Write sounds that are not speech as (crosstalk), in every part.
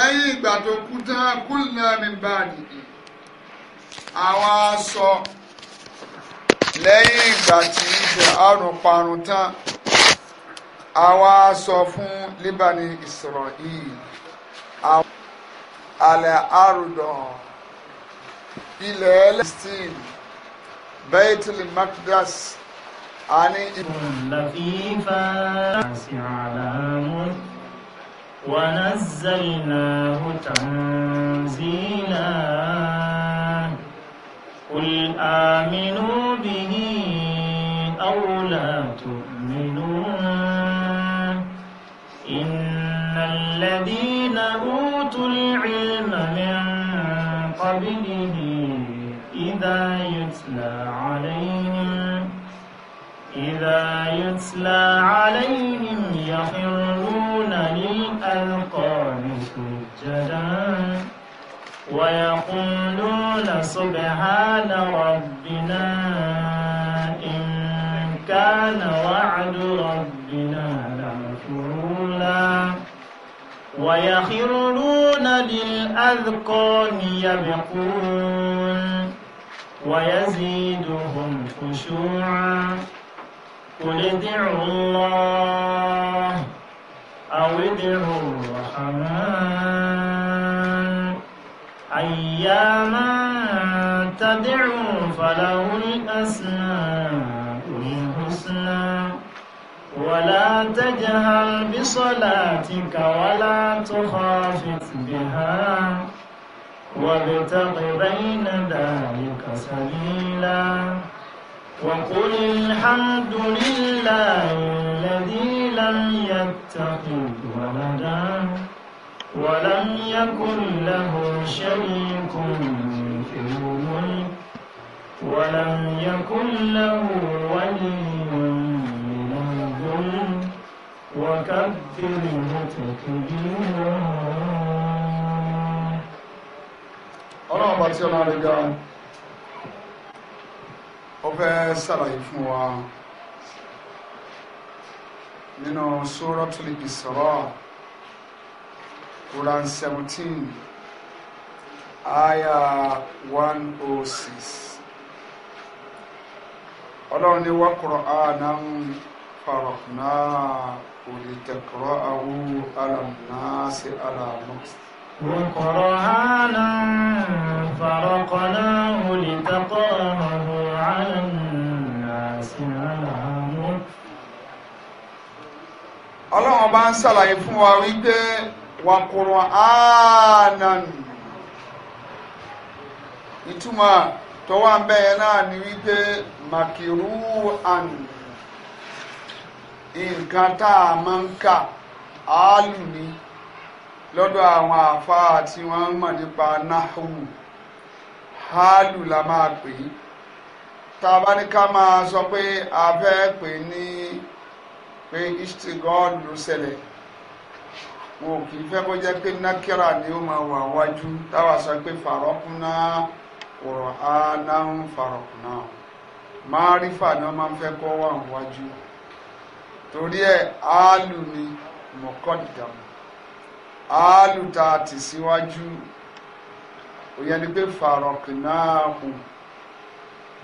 lẹ́yìn ìgbà tó kú tán kúlùnà mi bá nìyí àwọn aṣọ lẹ́yìn ìgbà tí Fìràánù parun tán àwọn aṣọ fún líbani Israel àwọn alẹ́ àrùdàn ilẹ̀ ẹlẹ́sìn Baitul Maqdas àní. ونزلناه تنزيلا قل آمنوا به أو لا تؤمنون إن الذين أوتوا العلم من قبله إذا يتلى عليهم إذا يتلى عليهم يخرون الثاني الألقان سجدا ويقولون سبحان ربنا إن كان وعد ربنا لمفعولا ويخرون للأذقان يبقون ويزيدهم خشوعا قل ادعوا الله أو ادعوا الرحمن أياما تدعوا فله الأسماء الحسنى ولا تجهل بصلاتك ولا تخافت بها وابتغ بين ذلك سبيلا وقل الحمد لله متقد ولدا ولم يكن له شريك في الملك ولم يكن له ولي من الظلم وكبره تكبيرا ọlọ́run bá tí ọlọ́run rẹ̀ ga ọ fẹ́ ṣàlàyé fún wa nínú suratul Isra Quran seventeen aya one oh six ọlọ́run ní wa Qur'anan faraqnahu ولتقرأه على الناس على مكث وقرآنا فرقناه لتقرأه على الناس على ọlọ́run bá ń ṣàlàyé fún wa wípé wà Qur'anan ìtumọ̀ tó wà ń bẹ́yẹn náà ni wípé makiruhan nǹkan tá a máa ń kà áálù ni lọ́dọ̀ àwọn àfáà tí wọ́n mọ̀ nípa náhù áálù la máa pè é tá a bá ní ká máa sọ pé a fẹ́ pè ní. pe ishti gon rusele wo ki fe ko je pe na kira ni o ma wa waju ta wa so pe farokuna oro ana un farokuna marifa na ma fe ko wa waju tori e alu ni mokodam alu ta ti si waju o ye ni pe farokuna ku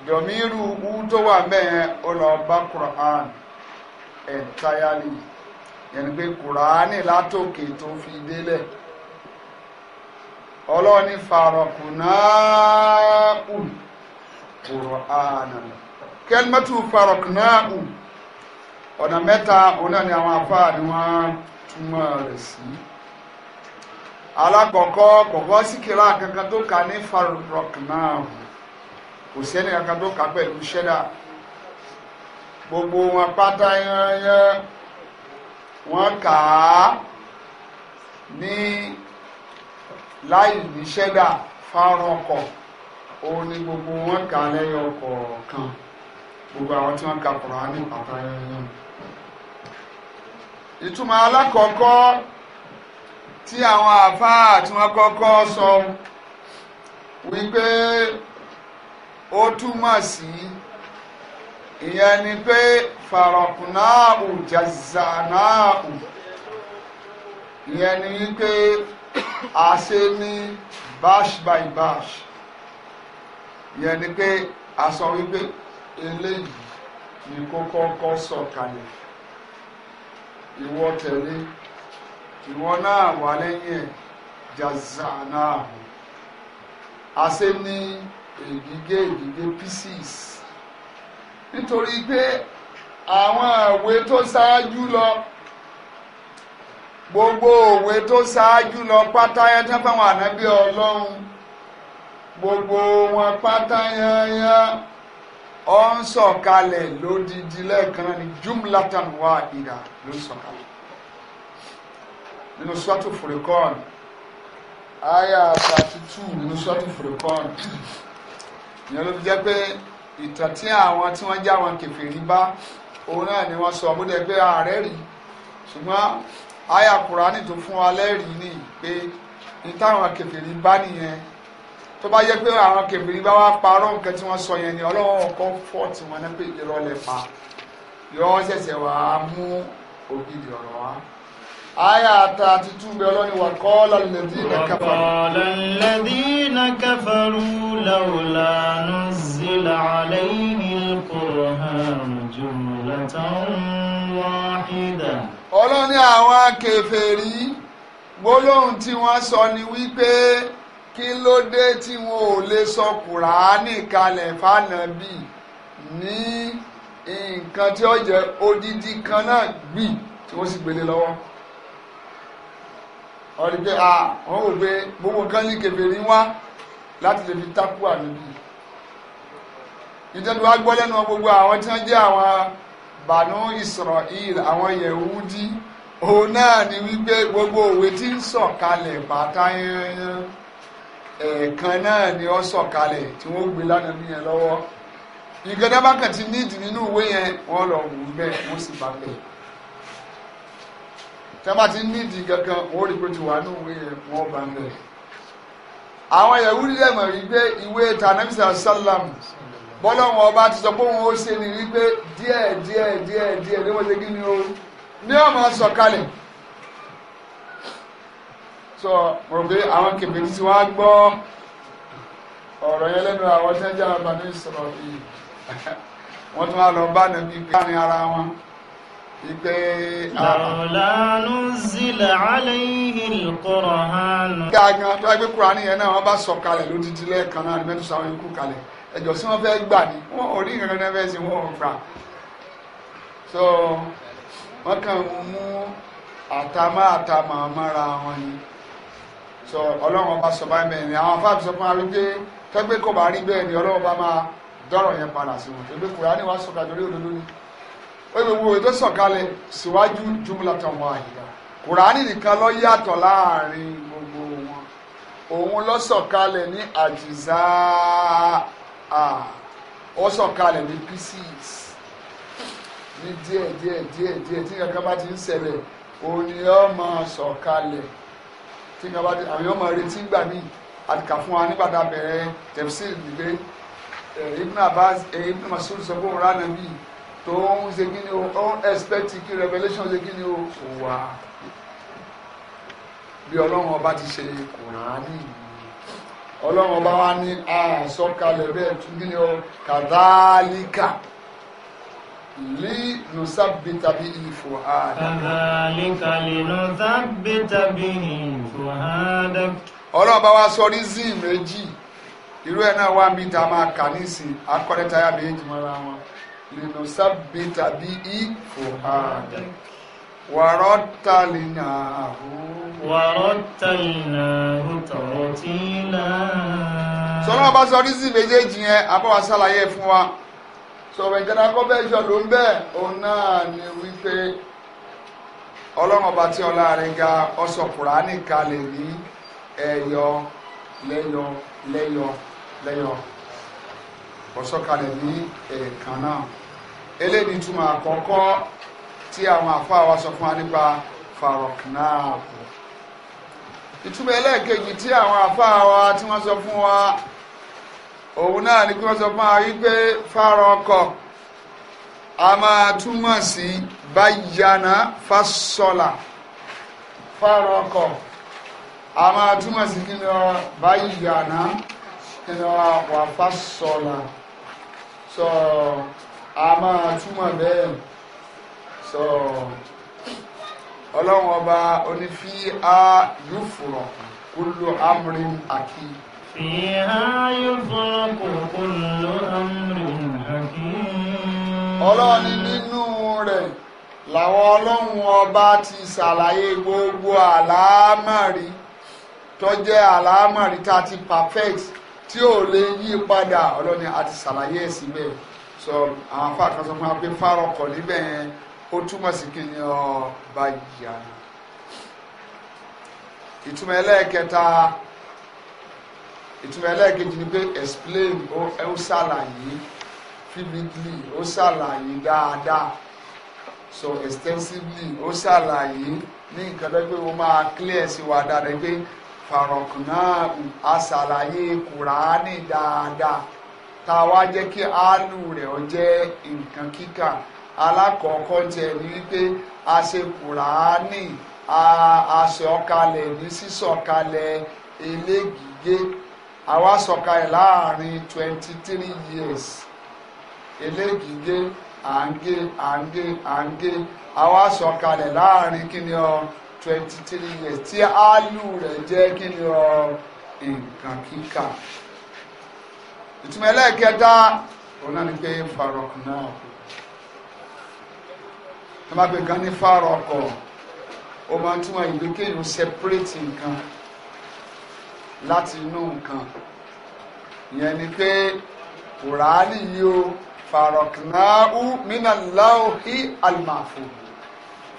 domiru u to wa me ụlọ lo ba qur'an entirely yẹn pé kùránì látòkè tó fi délẹ̀ ọlọ́ọ̀ni fàrọ̀kù náà kù kùránà kẹ́lmẹ́tù fàrọ̀kù náà kù ọ̀nà mẹ́ta ọ̀nà ni àwọn afáà ni wọ́n túmọ̀ rẹ̀ sí alákọ̀ọ́kọ́ kọ̀kọ́ síkìlá kankan tó kà ní fàrọ̀kù náà t'o kò sẹ́ni kankan tó gbogbo wọn pátá yányán wọ́n kà á ní láì níṣẹ́dà fárán ọkọ̀ òun ni gbogbo wọn kà á lẹ́yìn ọkọ̀ kan gbogbo àwọn tí wọ́n ka Kùránì pátá yányán ìtumọ̀ alákọ̀ọ́kọ́ tí àwọn àfáà tí wọ́n kọ́kọ́ sọ wípé ó túmọ̀ sí. Si, ìyẹn ni pé fàrọ̀kùnáàù jàzànáàù ìyẹn ni wípé àṣe ní bash by bash ìyẹn ni pé àṣọ wípé eléyìí ni kó kọ́kọ́ sọ̀kalẹ̀ ìwọ tẹ̀lé ìwọ náà wà lẹ́yìn ẹ̀ jàzànáàù àṣe ní ègìgé ègìgé pieces nítorí pé àwọn òwe tó ṣáájú lọ gbogbo òwe tó ṣáájú lọ pátáyátá fáwọn ànábì ọlọ́run gbogbo wọn pátáyáyá ọ ń sọ̀kalẹ̀ lódidi lẹ́ẹ̀kan ní jumlatan wa ìdá ló ń sọ̀kalẹ̀ nínú sọ́tù fúrikọ́ọ̀nù àyà thirty two nínú sọ́tù fúrikọ́ọ̀nù ìyẹn ló fi jẹ́ pé ìtàn tí àwọn tí wọ́n já wọn kèfèrí bá òun náà ni wọ́n sọ bóde pé ààrẹ rí ṣùgbọ́n àyà kùránì tó fún wa lẹ́rìí ni pé ní táwọn kèfèrí bá nìyẹn tó bá yẹ pé àwọn kèfèrí bá wá parọ́ nǹkan tí wọ́n sọ yẹn ni ọlọ́wọ́n kan fọ́ tí wọ́n náà pé ìrọ̀lẹ́ pa yọ ọ́ ṣẹ̀ṣẹ̀ wàá mú ògidì ọ̀rọ̀ wa àyà àtàtì túnbẹ̀ ọlọ́ni wà kọ́ọ́lá lẹ́dínà kàfàrú. kọ́ọ́lá lẹ́dínà kàfàrú lọ́wọ́lá nùzílà àlẹ́yìn kùrọ̀hán jùmùlátàn wáhídà. ọlọ́ni àwọn kèfèrí gbólóhùn tí wọ́n sọ ni wípé kí ló dé tí wọn ò lè sọ kùránì kalẹ̀ fànàbì ní nǹkan tí ó jẹ́ odidi kan náà gbì tí wọ́n sì gbélé lọ́wọ́ ọ̀rí pé à ah, wọ́n wò pé gbogbo nǹkan ní kèfèrí wá láti lè fi tákù àníbì ìjọba wa gbọ́ lẹ́nu gbogbo àwọn tí wọ́n jẹ́ àwọn bànú Israel àwọn Yẹhudi òun náà ni wípé gbogbo òwe tí ń sọ̀kalẹ̀ bàtà yẹn ẹ̀ẹ̀kan náà ni ó sọ̀kalẹ̀ tí wọ́n gbé lánàá mi yẹn lọ́wọ́ ìgbẹ́dẹ́ bá kàn ti nínú ìwé yẹn wọ́n lọ wù ú bẹ́ẹ̀ wọ́n sì bá bẹ́ẹ̀ tẹ́ bá ti nídìí kankan wọ́n rí pé ti wà ní ìwé yẹn wọ́n bá ń bẹ̀. àwọn Yahudi dẹ̀mọ̀ rí pé ìwé tanabisa salam bọ́lọ́wọ́n ọba ti sọ pé òun ó ṣe ni wípé díẹ̀ díẹ̀ díẹ̀ díẹ̀ ní wọ́n ṣe kí ni o ní ọmọ sọ kalẹ̀ sọ rò pé àwọn kèbèrè tí wọ́n á gbọ́ ọ̀rọ̀ yẹn lẹ́nu àwọn tí wọ́n jẹ́ àwọn bàbá mi sọ̀rọ̀ yìí wọ́n tún wá lọ bá nàbí pé ara wọn ìpé lọ́lánú zílẹ̀ aláìhìn kọ̀rọ̀hánù gágan tó ẹgbẹ́ kúránì yẹn náà wọ́n bá sọ kalẹ̀ lódìdí lẹ́ẹ̀kan náà mẹ́tò sáwọn ikú kalẹ̀ ẹjọ́ sí wọ́n fẹ́ gbà so wọ́n kàn mú àtàmà àtàmà mọ́ra wọn ni so ọlọ́run bá sọ báyìí bẹ́ẹ̀ ni àwọn afáàbí sọ fún wa tẹ́gbẹ́ kò bá rí bẹ́ẹ̀ ni ọlọ́run bá máa dọ́rọ̀ yẹn padà sí wọn tẹ́gbẹ́ kúránì wá sọ ó yẹ gbogbo ètò sọ̀kalẹ̀ síwájú jumlatan wahida kùránì nìkan ló yàtọ̀ láàrin gbogbo wọn òun ló sọ̀kalẹ̀ ní àjìzá ó sọ̀kalẹ̀ ní pieces ní díẹ̀ díẹ̀ díẹ̀ díẹ̀ tí kankan bá ti ń ṣẹlẹ̀ òun ni ó máa sọ̀kalẹ̀ tí kankan bá ti àwọn yóò máa retí gbà míì àtìkà fún wa nígbà tá a bẹ̀rẹ̀ tafsir nígbẹ́ Ibn Abbas Ibn Mas'ud sọ fún òun ránà bíi tó ń ṣe kí ni o ó ń expect kí revelation ṣe kí ni o kò wá bí ọlọ́run ọba ti ṣe kùránì ọlọ́run ọba wa ní àsọkalẹ̀ bẹ́ẹ̀ tún kí ni o kàdálíkà li nusabita bihi fuhadak. kadhalika li nusabita bihi fuhadak. ọlọ́run bá wa sọ rizin méjì irú ẹ̀ náà wà níbi tá máa kà nísìn akọ́dẹ́tayá méjì mọ́ra wọn. لنثبت به فؤادك ورتلناه ورتلناه ترتيلا sọ́nà bá sọ rísì méjèèjì yẹn abọ́wá ṣàlàyé fún wa sọ̀rọ̀ ìjọba kọ́bẹ́ẹ̀sọ̀ ló ń bẹ̀ òun náà ni wípé ọlọ́run ọba tí ọlá rẹ̀ ga ọsọ̀ kùránì kalẹ̀ ní ẹ̀yọ lẹ́yọ lẹ́yọ lẹ́yọ ọ̀sọ̀kalẹ̀ ní ẹ̀ẹ̀kan náà eléyìí túmọ̀ àkọ́kọ́ tí àwọn àfa wa sọ fún wa nípa faroknaapu ìtumọ̀ ẹlẹ́ẹ̀kejì tí àwọn àfa wa tí wọ́n sọ fún wa òun náà ni pé wọ́n sọ fún wa wípé farokọ̀ a máa túmọ̀ sí báyànà fásọlà farokọ̀ a máa túmọ̀ sí kí ọ báyànà kí ọ wà fásọlà sọ̀rọ̀. So, a máa túmọ̀ bẹ́ẹ̀ sọ ọlọ́run ọba onífí a yóò fòrọ̀ kúlò amúrin àkí. fi a yóò fòrọ̀ kúlò amúrin àkí. ọlọ́run nínú rẹ̀ làwọn ọlọ́run ọba ti ṣàlàyé gbogbo àlámọ̀rí tó jẹ́ àlámọ̀rí tá a ti perfect tí ò lè yí padà ọlọ́run àti ṣàlàyé ẹ̀ síbẹ̀ so àwọn afa kan sọ fún wa pé fárọkọ̀ níbẹ̀ yẹn ó túmọ̀ sí kí ni ọ bá yà ìtumọ̀ ẹlẹ́ẹ̀kẹta ìtumọ̀ ẹlẹ́ẹ̀kejì ni pé explain ó ṣàlàyé vividly ó ṣàlàyé dáadáa so extensively ó ṣàlàyé ní nǹkan tó pé ó máa clear sí wa dáadáa pé farokun náà a ṣàlàyé kùránì dáadáa tá a wá jẹ́ kí áálù rẹ̀ ọ jẹ́ nǹkan kíkà alákọ̀ọ́kọ́ tiẹ̀ ní wípé a ṣe kùránì a sọ̀kalẹ̀ ní sísọ̀kalẹ̀ elégìgé àwa sọ̀kalẹ̀ láàrin twenty three years elégìgé à ń gé à ń gé à ń gé àwa sọ̀kalẹ̀ láàrin kí ọ twenty three years tí áálù rẹ̀ jẹ́ kí ni ọ nǹkan kíkà ìtumọ̀ ẹlẹ́ẹ̀kẹta òun náà ni pé farok náà ẹ má pè kan ní farokọ ó máa túmọ̀ ìwé kéèyàn separate nǹkan láti inú nǹkan ìyẹn ni pé kùránì yìí ó faroknaahu minalauhi alimafu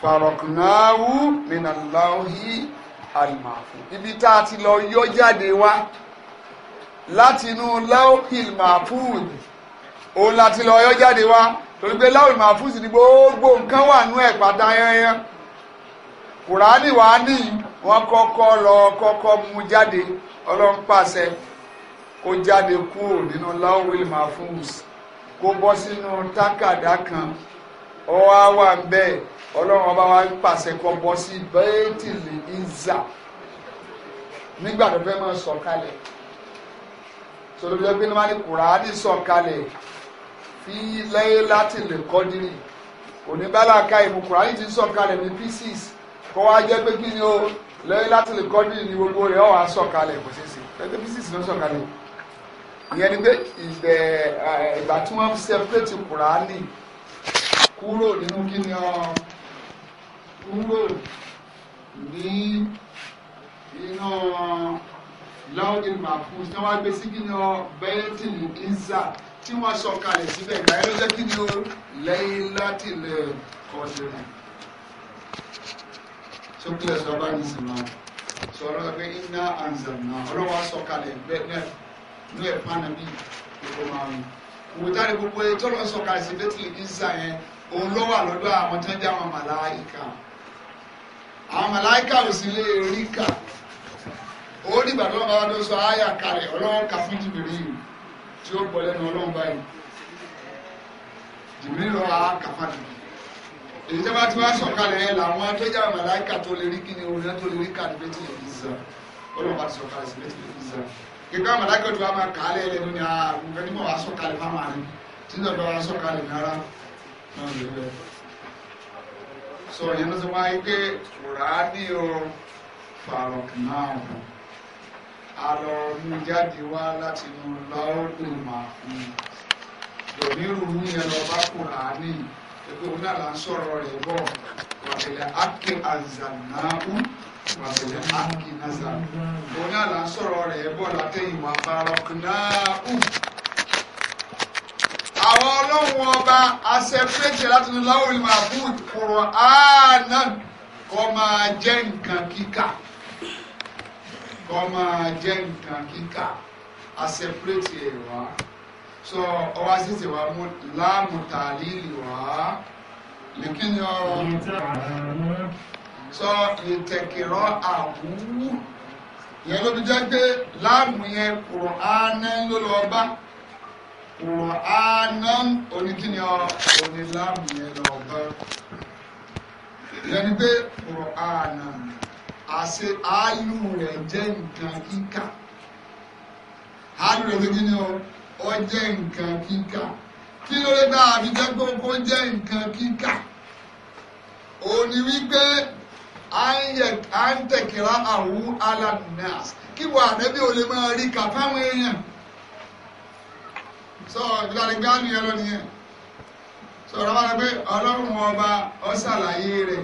faroknaahu minalauhi alimafu ibi tá a ti lọ yọ jáde wá láti inú láòkìl mahfuz òun láti lọ yọ jáde wá torí pé láòkìl mahfuz ni gbogbo nǹkan wà nú ẹ̀ pátá yẹnyẹn kùránì wàá ní wọn kọ́kọ́ lọ kọ́kọ́ mú jáde ọlọ́run pàṣẹ kó jáde kúrò nínú láòkìl mahfuz kó bọ́ sínú tákàdá kan ọ wá wà ń bẹ́ẹ̀ ọlọ́run ọba wa pàṣẹ kó bọ́ sí bẹ́ẹ̀tìlì ìzà nígbà tó fẹ́ máa sọ kalẹ̀ sọlọ́bí jẹ́ pé ní wọ́n ní kùránì sọ̀kalẹ̀ fi lẹ́yìn láti lè kọ́dírì oníbàlàkà ìmú kùránì ti sọ̀kalẹ̀ ní pieces kọ́ wá jẹ́ pé kí ni o lẹ́yìn láti lè kọ́dírì ní gbogbo rẹ̀ ọ̀hún asọ̀kalẹ̀ kò ṣeé ṣe pẹ́ẹ́tẹ́ pieces ló sọ̀kalẹ̀ ìyẹn ni pé ìbẹ̀ ìgbà tí wọ́n separate kùránì kúrò nínú kí ni ọ kúrò ní inú láwùjọ màfún tí wọ́n gbé sí kíni ọ bẹ́ẹ̀tì mùkínsà tí wọ́n sọ kalẹ̀ síbẹ̀ ìgbà yẹn ló jẹ́ kíni o lẹ́yìn láti lè kọ́sìrì. sókè ẹ̀sọ́ bá ní sinmi wọn sọ̀rọ̀ pé iná anzam náà ọlọ́wọ́ sọ kalẹ̀ bẹ́ẹ̀ ní ẹ̀ fánà bí gbogbo máa ń wò táre gbogbo ẹ tọ́lọ́ sọ kalẹ̀ sí bẹ́ẹ̀tì mùkínsà yẹn òun ló wà lọ́dọ̀ àwọn tó ń jẹ́ àwọn màláìka àwọn màláìka ò sì lè rí kà ó dìgbà tó lọ́wọ́ bá tó sọ àyà kalẹ̀ ọlọ́run kà fún jìbìrì yìí tí ó bọ̀ lẹ́nu ọlọ́run báyìí jìbìrì lọ́wọ́ á kà fàdù èyí tó bá ti wá sọ̀kalẹ̀ ẹ̀ làwọn tó jẹ́ màláìkà tó lè rí kíni orin tó lè rí kà ní bẹ́tì lè fi zà ọlọ́run bá ti sọ̀kalẹ̀ sí bẹ́tì lè fi zà kíkọ́ màláìkà tó wá máa kà á lẹ́ ẹlẹ́nu ni àrùn fẹ́ nímọ̀ wá sọ̀kalẹ̀ fáwọn àrùn tí náà bá wá sọ̀kalẹ̀ náírà náà lè bẹ́ẹ̀ sọ yẹn ló ti wáyé pé kùrá fàrọ̀kì náà àlọ́ mú jáde wá láti inú láọ́dún màfún onírúurú yẹn lọ bá Kùránì ẹgbẹ́ òun náà là ń sọ̀rọ̀ rẹ̀ bọ̀ wàtẹ̀lẹ̀ ákè àzànáhù wàtẹ̀lẹ̀ ákè nàzà òun náà là ń sọ̀rọ̀ rẹ̀ bọ̀ látẹ̀yìn wà bàrọ̀kìnáhù àwọn ọlọ́run ọba asẹ́fẹ́jẹ láti inú láwùrì màfún Kùránì kọ́ máa jẹ́ nǹkan kíkà kọ́ máa jẹ́ nǹkan kíkà a ẹ̀ wá so ọwọ́ àṣìṣe wa mú láàmú tàlílì wá lèkìnyọ so ìtẹ̀kìrọ̀ àwùwù ìyẹn ló fi jẹ́ pé láàmú yẹn kùrọ̀ ánà ló lọ bá kùrọ̀ ánà oníkìnyọ oníláàmú yẹn lọ bá ìyẹn ni pé kùrọ̀ ánà àṣe ááyù rẹ̀ jẹ́ nǹkan kíkà ááyù rẹ̀ ló kíni o ó jẹ́ nǹkan kíkà kí ló lè gbà àbí jẹ́ gbogbo jẹ́ nǹkan kíkà òní wípé à ń tẹ̀kìrá àrùn alanas kí wà nẹ́bí ò lè máa rí kà fáwọn èèyàn sọ ìgbàlè gánìyàn lọ nìyẹn sọ̀rọ̀ wọn pé ọlọ́run ọba ó ṣàlàyé rẹ̀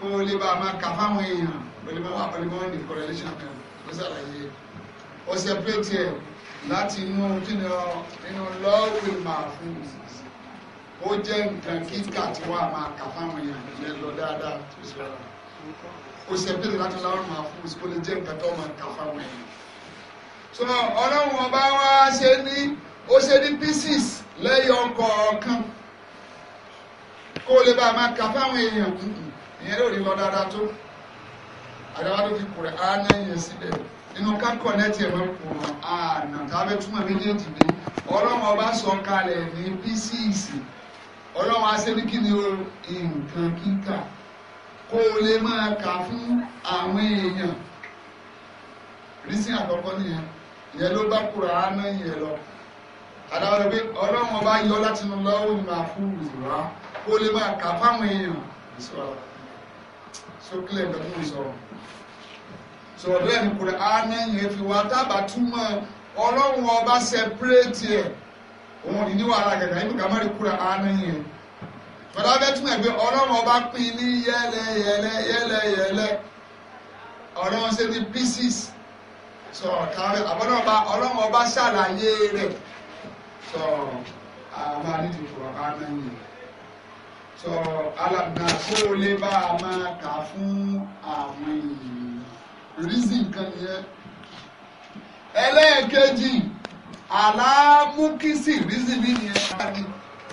kó lè bá a máa kà fáwọn èèyàn pẹ̀lú mẹ́wàá pẹ̀lú mẹ́wàá ní correlation kan ló ṣàlàyé ó separate ẹ̀ láti inú kíni ọ nínú lọ́ọ̀wì máa fún ó jẹ́ nǹkan kíkà tí wàá máa kà fáwọn èèyàn ìyẹn lọ dáadáa tó ṣe wà ó separate láti lọ́ọ̀wì máa fún ó lè jẹ́ nǹkan tó máa kà fáwọn èèyàn. so ọlọ́run ọba wa ṣe ní ó ṣe ní pieces lẹ́yìn ọkọ̀ ọ̀kan kó o lè bá a máa kà fáwọn èèyàn ìyẹn ló rí lọ dáadáa tó àdáwà ló fi kùrẹ̀ áná yẹn síbẹ̀ inú ká kọ̀nẹ́tì ẹ̀rọ kùrọ̀ àná tàbí túmọ̀ méjèèjì dé ọlọ́run ọba sọ kalẹ̀ ní písíìsì ọlọ́run aṣẹ́ni kí ni nǹkan kíkà kó o lè máa kà fún àwọn èèyàn rísí àkọ́kọ́ nìyẹn ìyẹn ló bá kùrọ̀ áná yẹn lọ àdáwà ló pé ọlọ́run ọba yọ látinú lọ́wọ́ ìmọ̀ àfúrù ìwà kó o lè máa kà fáwọn èèyàn ìṣọ́ra tó kílẹ̀ nǹkan tó ń sọ̀rọ̀ sọ̀rọ̀ bẹ́ẹ̀ ni kùrẹ́ ánẹ́yìn fi wá dábàá túmọ̀ ọlọ́run ọba sẹpẹ́rẹ́tì ẹ̀ òun ní wàhálà gẹ̀gẹ̀ nínú kàmá rí kùrẹ́ ánẹ́yìn bàtà bẹ́ẹ̀ túmọ̀ pé ọlọ́run ọba pín ní yẹ́lẹ́ yẹ́lẹ́ yẹ́lẹ́ yẹ́lẹ́ ọlọ́run ṣe ní pieces sọ̀rọ̀ kárẹ́ àbọ̀dọ̀ba ọlọ́run ọba ṣàlàyé rẹ̀ sọ̀rọ̀ àbá nídìí kùrẹ́ ánẹ́yìn sọ alàgbà kó o lè bá a máa kà fún àwọn èèyàn rízì nǹkan nìyẹn ẹlẹ́ẹ̀kejì aláàmúkísì rízì mi nìyẹn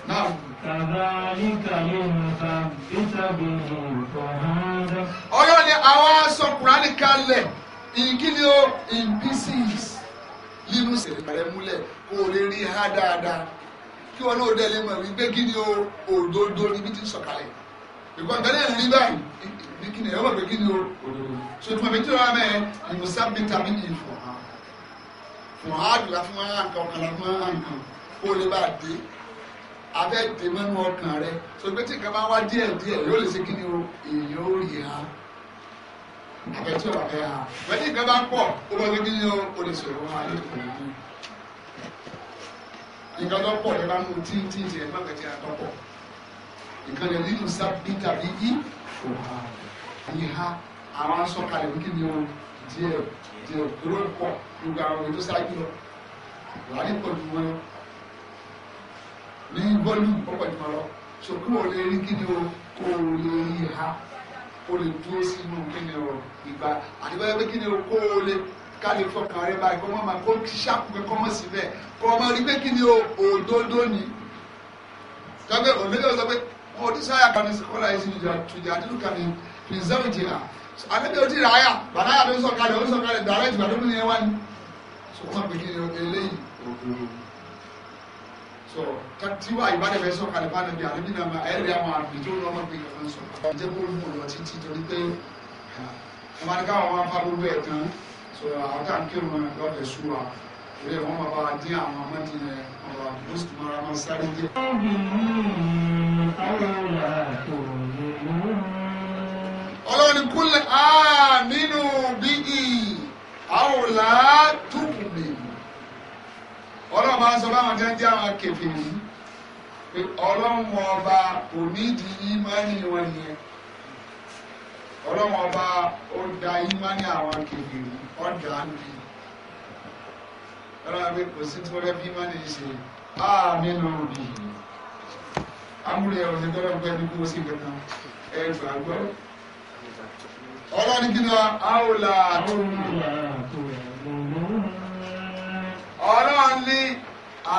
náà. Kàdáníkà yóò mú ká ìtàgbọ̀n òòrùn ọ̀hánjá. Ọyọ́ ni àwa sọ Kùránì kalẹ̀, ìkíni o, in pieces, nínú ìṣẹ̀lẹ̀ múlẹ̀ kó o lè rí ha dáadáa kí wọn náà dẹ́lẹ̀ mọ̀ wípé kí ni òdodo níbi tí ń sọ̀kalẹ̀ ìgbọ́n tẹ́lẹ̀ ń rí báyìí ní kí ni ẹ̀rọ pé kí ni òdodo so tí mo fi tíra mẹ́ ìmùsá vitamin e fún wa fún wa àdúrà fún wa nǹkan ọ̀kan la fún wa nǹkan kó lè bá dé abẹ́ dé mẹ́nu ọkàn rẹ so pé tí nǹkan bá wá díẹ̀ díẹ̀ yóò lè ṣe kí ni èèyàn ó rí ha abẹ́ tí ò wà bẹ́ẹ̀ ha wẹ́n tí nǹkan bá pọ̀ ó bá gbé kí ni ó lè sọ̀rọ̀ wọn nǹkan tó pọ̀ nípa mú tí tí tiẹ̀ má kàn jẹ́ àtọ́pọ̀ nǹkan lè nínú sábì tàbí yí kò ha ní ha àwọn sọ̀kalẹ̀ ní kíni o díẹ̀ díẹ̀ kúrò pọ̀ gbogbo àwọn ètò sáájú lọ wàá ní pọ̀ ju wọn ní bọ́ọ̀lù pọ̀pọ̀ ju wọn lọ sọ̀kú ò lè rí kíni o kò lè rí ha o lè dúró sínú kíni o ìgbà àti báyọ̀ pé kíni o lè ká lè fọkàn rẹ báyìí kó mọ́ máa kó ṣàpù pé kọ́ mọ́ síbẹ̀ kó ọmọ rí pé kí ni òdodo ni tọ́gbẹ́ òdodo sọ pé wọ́n ti sáyà kan ní sọ́kọ́lá yìí sí tùjà àdínú kan ní pìrìsẹ́wì jìlá àdébẹ̀ ojú rà áyà bàtà yà ló ń sọ̀kalẹ̀ ó ń sọ̀kalẹ̀ dàrẹ́ ìgbà tó ní ẹwà ni sọ́kọ́ pé kí ni eléyìí òdodo sọ̀rọ̀ katiwa ìbára bẹ sọ̀rọ̀ kalifa nàbí àlebi nàbí ayẹlẹ àwọn àbí tó lọ́mọ gbé kan sọ̀rọ̀. ǹjẹ́ kó lù ú lọ títí torí pé ọmọdé káwọn máa ń fa gbogbo ẹ̀ tán so àwọn tá à ń kírun náà lọ́dẹ̀ sú wa ìwé wọn máa bá dín àwọn amọ́tí yẹn ọ̀rọ̀ àdúgbò sì máa máa sáré dé. ọlọ́run ní kúlẹ̀ àmínú bíi àwòlá túbùbì ọlọ́run máa ń sọ báwọn jẹ́ ń jẹ́ àwọn kẹfìrì ọlọ́run ọba onídìí ìmánì wọn nìyẹn ọlọ́run ọba ó da ìmánì àwọn kẹfìrì ọ̀dàánù ni ọlọ́run pé kò sí tí wọ́n fẹ́ fi máa lè ṣe ààmì lòun ni amúlẹ̀ ọ̀rọ̀ ṣe tọ́lọ́ pẹ́ ní kó sì kankan ẹ gbàgbọ́ ọlọ́run kí ni àwòlà tó ń lò ọlọ́run ní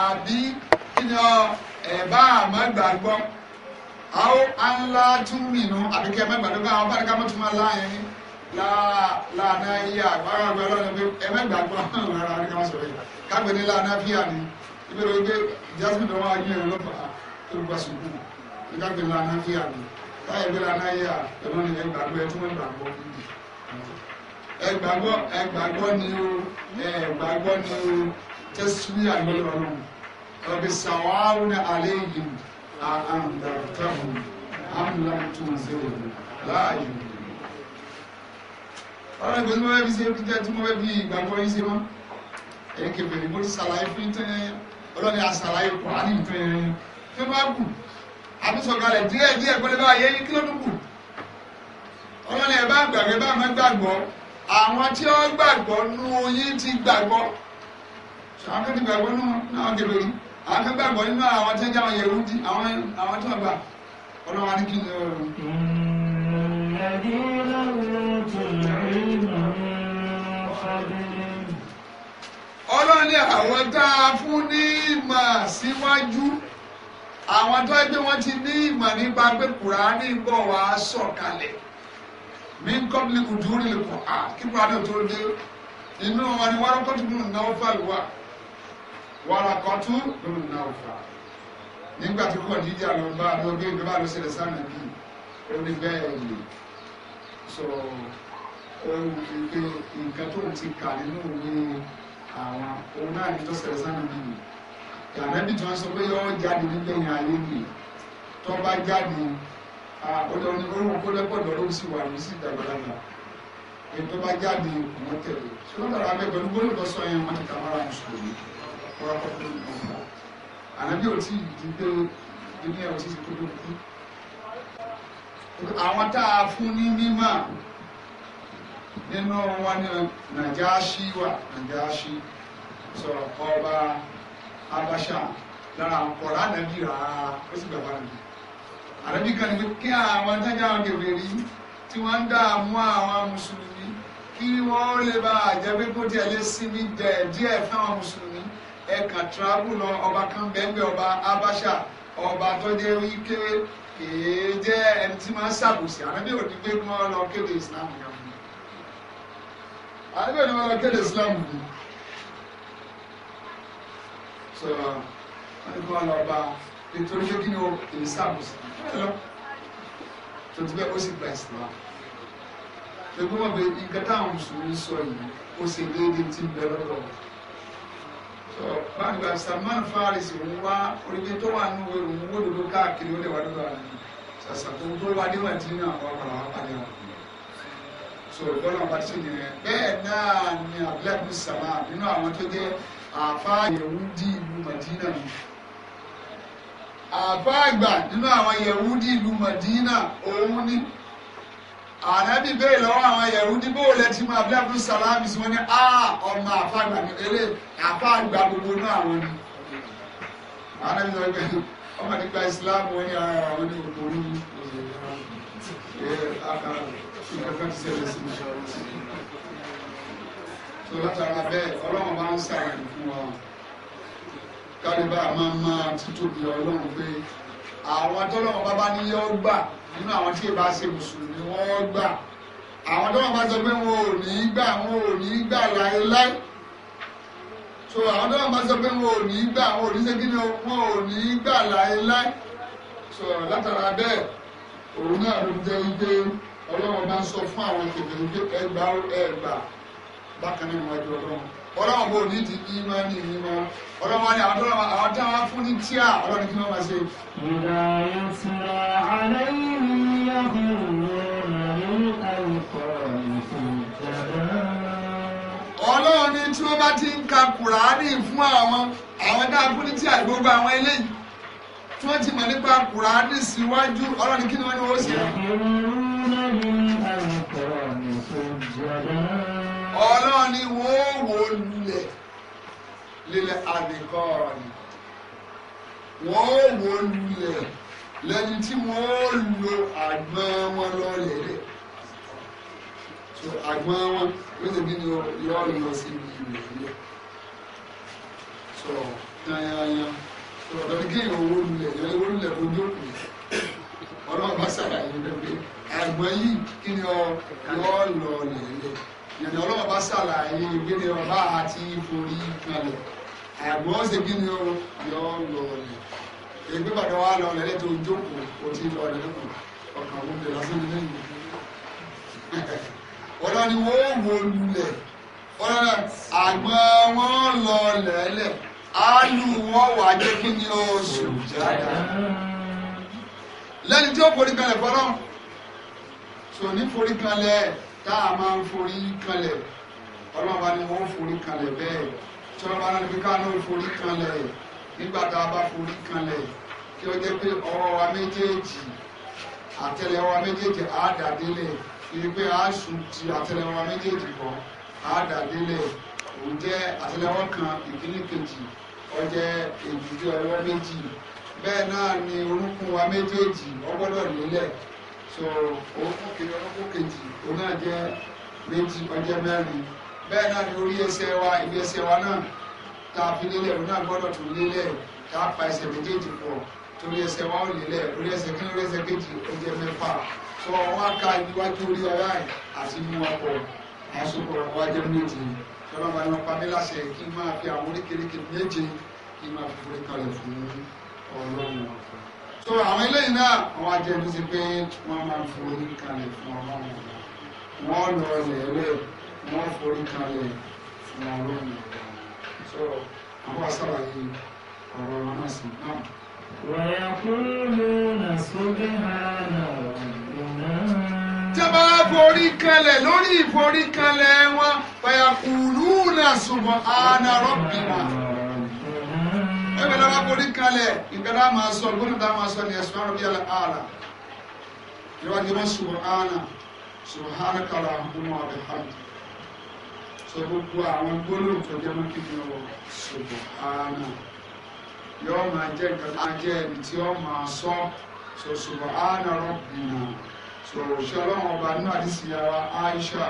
àbí kí ni ẹ̀bá àmọ́ gbàgbọ́ àwọn ńlá tún mìíràn àbíkẹ́ mẹ́gbàdúgbà àwọn bá dé ká mọ́ tún máa láàyè ní láàánà iye àgbára àgbára ọ̀nà ẹ̀mẹ́gbàgbọ́ àwọn ará rí wọn sọ̀rọ̀ yìí kágbé ní láàánà fíà ni ìbéèrè wípé jasmin lọ́wọ́ ayé ẹ̀rọ lọ́pàá tó gba sùkúù ní kágbé ní láàánà fíà ni táyà ìgbé láàánà iye ẹ̀rọ ni ẹgbàgbọ́ ẹtún ẹgbàgbọ́ ẹgbàgbọ́ ẹgbàgbọ́ ni o ẹgbàgbọ́ ni o tẹ́sí àgbẹ̀lẹ̀ ọlọ́run ọ̀bí sàwárù ní alẹ́ yìí àǹdàtàhùn àmì láti tún ọ̀rọ̀ ìgbésí mo fẹ́ fi ṣe fi jẹ́ tí mo fẹ́ fi ìgbàgbọ́ yín ṣe mọ́ ẹ̀yìn kẹfẹ́ ni mo ti ṣàlàyé fún tẹ́ ọlọ́ni àṣàlàyé kùránì fẹ́ fẹ́ bá kù àtúnṣọ̀kalẹ̀ díẹ̀ díẹ̀ pẹ́lú bá yẹ kí ló dúkù ọlọ́ni ẹ̀ bá gbàgbé bá má gbàgbọ́ àwọn tí ó gbàgbọ́ nú oyin ti gbàgbọ́ àwọn tó ti gbàgbọ́ nínú àwọn tí الذي أوتوا العلم من قبله ọlọ́ni àwọn tá a fún ní ìmọ̀ síwájú àwọn tó ẹgbẹ́ wọn ti ní ìmọ̀ nípa pé kùránì ń bọ̀ wá sọ̀kalẹ̀ mí ń kọ́ ní kùdúrú lè kọ̀ á kí kùránì tó dé inú wọn ni wọ́n rọ́kọ́ tó nù náwó fà lùwà wàrà kan tó nù náwó fà nígbà tó kọ̀ dídí àlọ́ bá a lọ bí ìgbà ló ṣẹlẹ̀ sáà nàbí ó ní bẹ́ẹ̀ ni so nǹkan tó ti kà nínú ní àwọn òun náà ní tó ṣẹlẹ̀ sánà nìyí tàbí tí wọ́n sọ pé yọ́ jáde nígbẹ̀yìn ayé nìyí tó bá jáde ọ̀dọ̀ ní orúkọ kólẹ́pọ̀dọ̀ ló sì wà ní sí ìdàgbàlagbà èyí tó bá jáde ọmọ tẹ̀lé ṣùgbọ́n tàbí abẹ́ pẹ̀lú gbólóhùn tó sọ yẹn wọ́n ti kàmára mùsùlùmí wọ́n á kọ́ fún ìgbọ̀nfà ànábì ò tí ì dúpẹ́ ìdílé ẹ̀ ò tí ì ti kó tó kú àwọn tá a fún ní mímọ̀ nínú wọn ni nàjáṣí wà nàjáṣí sọ̀rọ̀ ọba abáṣà lára ọ̀rá nàbí rà á ó sì gbàgbà nìyí àrẹ́bí kan ní kí àwọn tájà àwọn gèbè rí tí wọ́n ń dààmú àwọn mùsùlùmí kí wọ́n lè bá àjẹ́ pé kó tiẹ̀ lé síbi díẹ̀ fáwọn mùsùlùmí ẹ̀ka tíráàbù lọ ọba kan bẹ́ẹ̀ ọba abáṣà ọba tó jẹ́ wíkẹ́ kèé jẹ́ ẹni tí máa ń ṣàbòsí àrẹ́bí òní pé kí wọ́n lọ kéde islam yẹn fún mi àrẹ́bí òní wọ́n lọ kéde islam fún mi so wọ́n ní kí wọ́n lọ bá nítorí pé kí ni ó kèé ṣàbòsí lọ tó ti bẹ́ẹ̀ ó sì gba islam ṣùgbọ́n wọ́n pe nǹkan táwọn mùsùlùmí sọ yìí ó sì déédéé tí ń lọ́dọ̀ wọn sọ báńkì bá Salman Farisi òun wá oríkè tó wà nínú ìwé òun wó dodo káàkiri ó lè wá dodo àná sàṣà tó tó wá dé Màdínà àwọn àpàlà wá padà wọn so lọ́nà bá ti a rẹ̀ bẹ́ẹ̀ náà ni abdulhamid sama nínú àwọn tó jẹ́ àáfàá yẹ̀wúdí ìlú Màdínà ni àáfàá àgbà nínú àwọn yẹ̀wúdí ìlú Màdínà òun ni ànábì bẹ́ẹ̀ lọ́wọ́ àwọn ẹ̀rú níbò lẹ́tí máa bí abdul salam sí wọn ní a ọmọ àfàgbà eré àfàgbà gbogbo náà àwọn ni ànábì sọ pé ọmọ nípa islam wọn ní ara àwọn ní òkúrú ìkankan ti ṣẹlẹ̀ sí mi tó látara bẹ́ẹ̀ ọlọ́run bá ń sàrànì fún wa kárí bá a máa máa títòbi ọlọ́run pé àwọn tọ́lọ́run bá bá ní yọ gbà nínú àwọn tí ìbá ṣe mùsùlùmí wọ́n gbà àwọn tó wọ́n bá sọ pé wọn ò ní gbà wọn ò ní gbà láéláé so àwọn tó wọ́n bá sọ pé wọn ò ní gbà wọn ò ní ṣe kíni wọn ò ní gbà láéláé so látara bẹ́ẹ̀ òun náà ló jẹ́ wípé ọlọ́run bá ń sọ fún àwọn kèké wípé ẹgbàá ẹgbàá bákan náà wájú ọlọ́run ọlọ́run bò ní ti ìmọ̀ ní ìmọ̀ ọlọ́run wa ni àwọn tọ́lọ́wọ́ àwọn tí wọ́n fún ní tíà ọlọ́run kí wọ́n máa ṣe. ìdáyà sọ̀rọ̀ àlẹ́ yìí yàgò lórí àìkọ́ ọlọ́run ni tí wọ́n bá ti ń ka kùránì fún àwọn àwọn dáa fún ní tíà gbogbo àwọn eléyìí tí wọ́n ti mọ̀ nípa kùránì síwájú ọlọ́run kí ni wọ́n ní wọ́n ṣe. ọlọ́run ni wọ́n wò lulẹ̀ lílẹ̀ àdìkọ́ọ̀nì wọ́n wò lulẹ̀ lẹ́ni tí wọ́n lo àgbọn wọn lọ́rẹ̀ rẹ̀ so àgbọn wọn yóò tẹ̀lé ní yọ́ lọ sí ibi ìwé rẹ̀ so yányányá so ọ̀dọ̀ ní kí ìwọ̀n wò lulẹ̀ ìwọ̀n wò lulẹ̀ kó jókòó ọlọ́run bá ṣàlàyé rẹ̀ pé àgbọn yìí kí ni ọ yọ́ lọ rẹ̀ yẹn ni ọlọ́wọ́ bá ṣàlàyé gbélé ọba àti ìforí kalẹ̀ àgbọ̀ ṣe kí ni ó yọ lọ rẹ̀ ègbé bàtà wà lọ rẹ̀ lẹ́tọ̀ ojókòó o ti lọ rẹ̀ lẹ́kọ̀ọ́ ọkàn òun bẹ̀rẹ̀ lásán nílẹ̀ yìí (laughs) ọlọ́ni wọ́n wò lulẹ̀ ọlọ́ni àgbọ̀ wọn lọ lẹ́lẹ̀ áálù wọn wà jẹ́ kí ni ó sùn jáde lẹ́ni tí ó forí kalẹ̀ fọlọ́ sọ ní forí kalẹ̀ tá a máa ń forí kanlẹ̀ ọlọ́run bá ní wọ́n forí kanlẹ̀ bẹ́ẹ̀ tí ọlọ́run bá ní pé ká náà forí kanlẹ̀ nígbà tá a bá forí kanlẹ̀ kí ó jẹ́ pé ọwọ́ wa méjèèjì àtẹ́lẹwọ́ wa méjèèjì àádàdélẹ̀ ibi pé aṣù ti àtẹ́lẹwọ́ wa méjèèjì bọ̀ àádàdélẹ̀ òun jẹ́ àtẹ́lẹwọ́ kan ìkíní kejì ọjẹ́ èjìdí ọwọ́ méjì bẹ́ẹ̀ náà ni orúnkún wa méjèèjì ọgbọ́dọ̀ nílẹ̀ so orúkún kìíní orúkún kejì òun náà jẹ́ méjì ọjọ́ mẹ́rin bẹ́ẹ̀ náà ni orí ẹsẹ̀ wa ibi ẹsẹ̀ wa náà tá a fi lélẹ̀ òun náà gbọ́dọ̀ tún lélẹ̀ tá a pa ẹsẹ̀ méjèèjì pọ̀ torí ẹsẹ̀ wa ò lélẹ̀ orí ẹsẹ̀ kìíní orí ẹsẹ̀ kejì ó jẹ́ mẹ́fà so wọn á ka iwájú orí ọ̀rá ẹ̀ àti inú wa pọ̀ àsopọ̀ wa jẹ́ méjì tọ́lọ́mọ ẹran pa mí láṣẹ kí n máa fi àwọn oríkèéríkèé méje kí n máa fi forí kalẹ̀ fún ọlọ́run so àwọn eléyìí náà àwọn ajẹ́ ló ti pé wọ́n máa forí kalẹ̀ fún ọlọ́run wọ́n lọ lẹ̀ẹ́lẹ̀ wọ́n forí kalẹ̀ fún ọlọ́run so àwọn asálàyé ọ̀rọ̀ ọmọ sí náà. Tí a bá forí kalẹ̀ lórí ìforí kalẹ̀ wọn, fàyàkùlù náà subhana rabbina ẹgbẹ́ lọ́wọ́ borí kalẹ̀ nǹkan tá a máa sọ gbọ́dọ̀ tá a máa sọ ní ẹ̀sùn àrùn bí ẹ̀la ààlà yọ̀wá ni wọ́n subhana subhana kala àhùnmọ́ àbẹ̀ hàmì sọ gbogbo àwọn gbólóhùn tó jẹ́ mọ́ kíkì lọ́wọ́ subhana yọ̀ọ́ máa jẹ́ nǹkan tá a jẹ́ ẹni tí ó máa sọ sọ subhana rabbina sọ òṣìṣẹ́ ọlọ́run ọba nínú àdìsí yàrá Aisha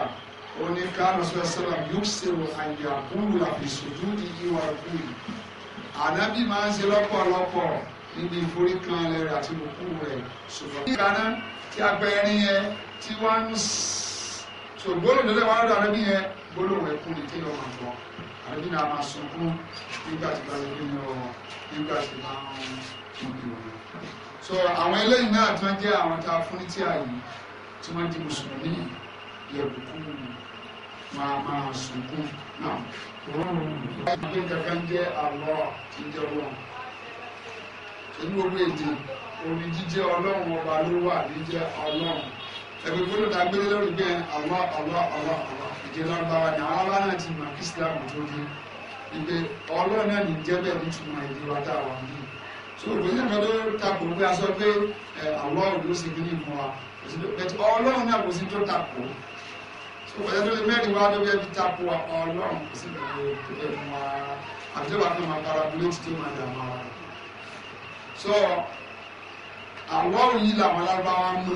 oníkàánù sọ́sọ́lá yóò ṣe àyàkúrò àbìsòjú ìyíwá kúrò ànábì máa ń ṣe lọ́pọ̀lọpọ̀ níbi ìforíkan rẹ̀ àti òkú rẹ̀ ṣùgbọ́n. ní ìlànà tí agbẹ́rin yẹn tí wọ́n ń sọ gbólóhùn tó lẹ́wọ́ àdó ànábì yẹn gbólóhùn ẹ̀kún ni kéèyàn máa gbọ́ ànábì náà máa sunkún nígbà tí bá lórí ní ọ nígbà tí bá ń tóbi wọn. so àwọn eléyìí náà tí wọ́n jẹ́ àwọn tá a fún ní tí a yìí tí wọ́n di mùsùlùmí yẹ̀ máa máa sunkún náà. Ìgbé kankan jẹ́ àlọ́ jíjẹ́ ọlọ́run. Inú omi èdè omi jíjẹ́ ọlọ́run ọba ló wà níjẹ́ ọlọ́run. Ẹ̀gbẹ́ gbọ́dọ̀ dá gbélé lórí pé àlọ́ àlọ́ àlọ́ àlọ́ ìdè lọ́gbàwá ni àwọn aláǹdà ti mọ̀ kí Ìsìlámù tó dé. Ìgbé ọlọ́run náà ní jẹ́ bẹ́ẹ̀ nítumọ̀ ìdè wa tá a wà níyì. So òṣèlú kan tó takò pé a sọ pé àlọ́ òdó ṣe kí ní ìmọ̀ wa. Ọlọ́run náà kò sí tó takò ọ̀sẹ̀ tó lè mẹ́rin wá lórí ẹbí tako àwọn ọlọ́run kò sí ìgbàgbọ́ tó lè mú wa àbíjọba tó máa para bí létí tó máa dààmú ara rẹ̀ so àwọn òyìn làwọn alábáwá mú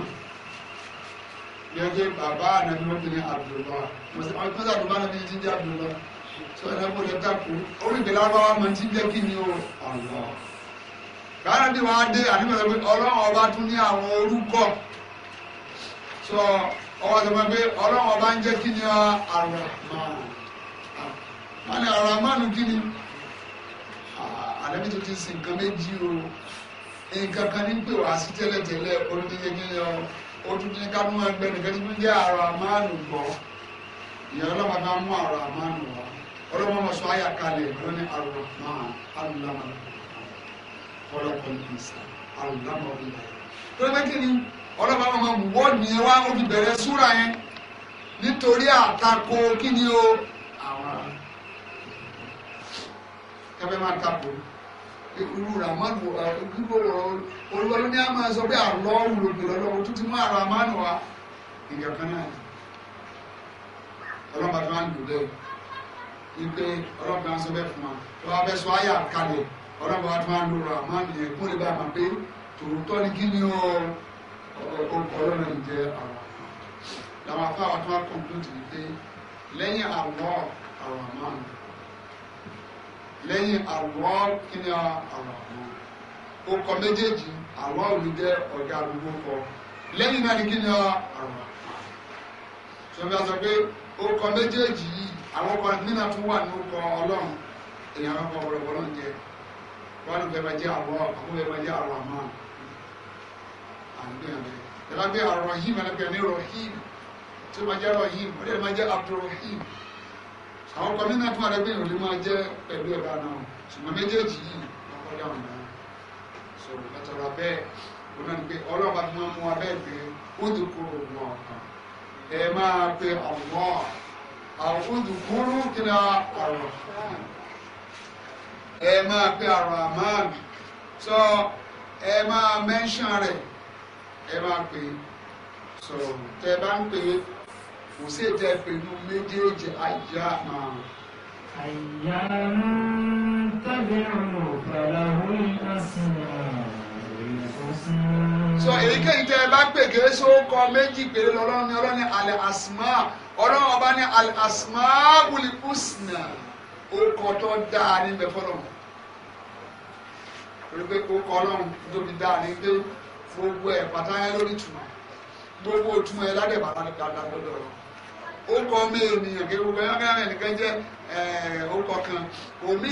gẹ́gẹ́ bàbá ànàbí wọn kiri àbùdùlọ́ ọ̀sẹ̀ wọn tó sàdùnmọ́ ànàbí ti jẹ́ àbùdùlọ́ so ẹ̀rọ kò lè tako orí ìgbẹ́ lábáwá mọ ti jẹ́ kí ni o ọ̀lọ́ gbàrà bí wọn á dé àníbẹ̀rẹ̀ ọlọ́run ọba tún ní àwọn orúkọ so ọwọ́ tó máa gbé ọlọ́run ọba ń jẹ́ kí ni àràmánù wọ́n ní àràmánù kí ni àdàbí tó ti sin nǹkan méjì o nǹkan kan ní pè wá sí tẹ́lẹ̀tẹ́lẹ̀ olùdíje kí ni ó tún ní ká tún máa gbẹ nìkan tí wọ́n jẹ́ àràmánù gbọ́ ìyẹn ọlọ́run máa mú àràmánù wá ọlọ́run máa sọ àyà kalẹ̀ lọ́ní àràmánù alùlámà ọlọ́kùnrin ìsà alùlámà ọ̀gbìn ọlọ́ba ọmọ wọ́ nìyẹn wá ó fi bẹ̀rẹ̀ súra yẹn nítorí àtakò kí ni o àwọn ẹgbẹ́ máa takò irú ramanu gbígbó olúwa ló ní a máa sọ pé àlọ́ òwúlòdì lọ́lọ́wọ́ tó ti mú àrò àmánu wa ìgbà kan náà ọlọ́ba tó máa ń lò bẹ́ẹ̀ wípé ọlọ́ba máa ń sọ bẹ́ẹ̀ fún wa tó bá fẹ́ sọ ayà kalẹ̀ ọlọ́ba tó máa ń lò ramanu yẹn kó bá a máa pé tòótọ́ ni kí ni o. orúkọ náà jẹ àwọn làwọn afọ àwọn tó wá kọ̀m̀pútì wípé lẹ́yìn àlọ́ àwọn àlọ́ àwọn àmọ́ méjèèjì àlọ́ jẹ́ ọ̀gá àdúgbò kọ lẹ́yìn náà ni àwọn méjèèjì yìí àwọn nínà tún wà ní ọlọ́run èèyàn ọ̀rọ̀ ọlọ́run jẹ wọ́n jẹ́ àlọ́ jẹ́ àlọ́ ìlànà àròhìm ẹlẹ́gbẹ̀ẹ́ ní rohim tí ó máa jẹ́ rohim ó lè máa jẹ́ abdulrohim àwọn ọkọ̀ nínú ẹ̀fún ẹlẹ́gbẹ̀ẹ́ ò lè máa jẹ́ pẹ̀lú ẹ̀dá náà ṣùgbọ́n méjèèjì yìí lọ́kọ́ dáhùn náà so látara bẹ́ẹ̀ ó náà ní pé ọlọ́ọ̀bá fi máa mú wa bẹ́ẹ̀ pé ó ti kúrò wọn ọ̀kan ẹ máa pe ọ̀wọ́ àwòdùkúrú kíra ọ̀rọ̀ ẹ máa pe àrọ̀ àmáàmì sọ ẹ máa mẹ́ńṣán rẹ̀ ẹ máa pè so tẹ bá ń pè kò sí ètò ẹ pẹ̀lú méjèèjì àyà máa. àyà tàbí ọ̀nà òkàlà orí àsìnà so èyíkéyìí tẹ ẹ bá pè kéré sókọ méjì péré lọ́lọ́run ní ọlọ́run ní alẹ asma ọlọ́run ọba ní alẹ asma wuli husna orúkọ tó dáa ní bẹfọlọ torí pé orúkọ ọlọ́run tóbi dáa ní pé gbogbo ẹ̀ pàtàkì lórí ìtumọ̀ gbogbo ìtumọ̀ ẹ̀ ládẹ̀ bàbá dáadáa lọ́dọ̀ ọ̀rọ̀ ó kọ mí ènìyàn kí gbogbo ẹ̀yán kẹ́rin nìkan jẹ́ ọkọ̀ kan omi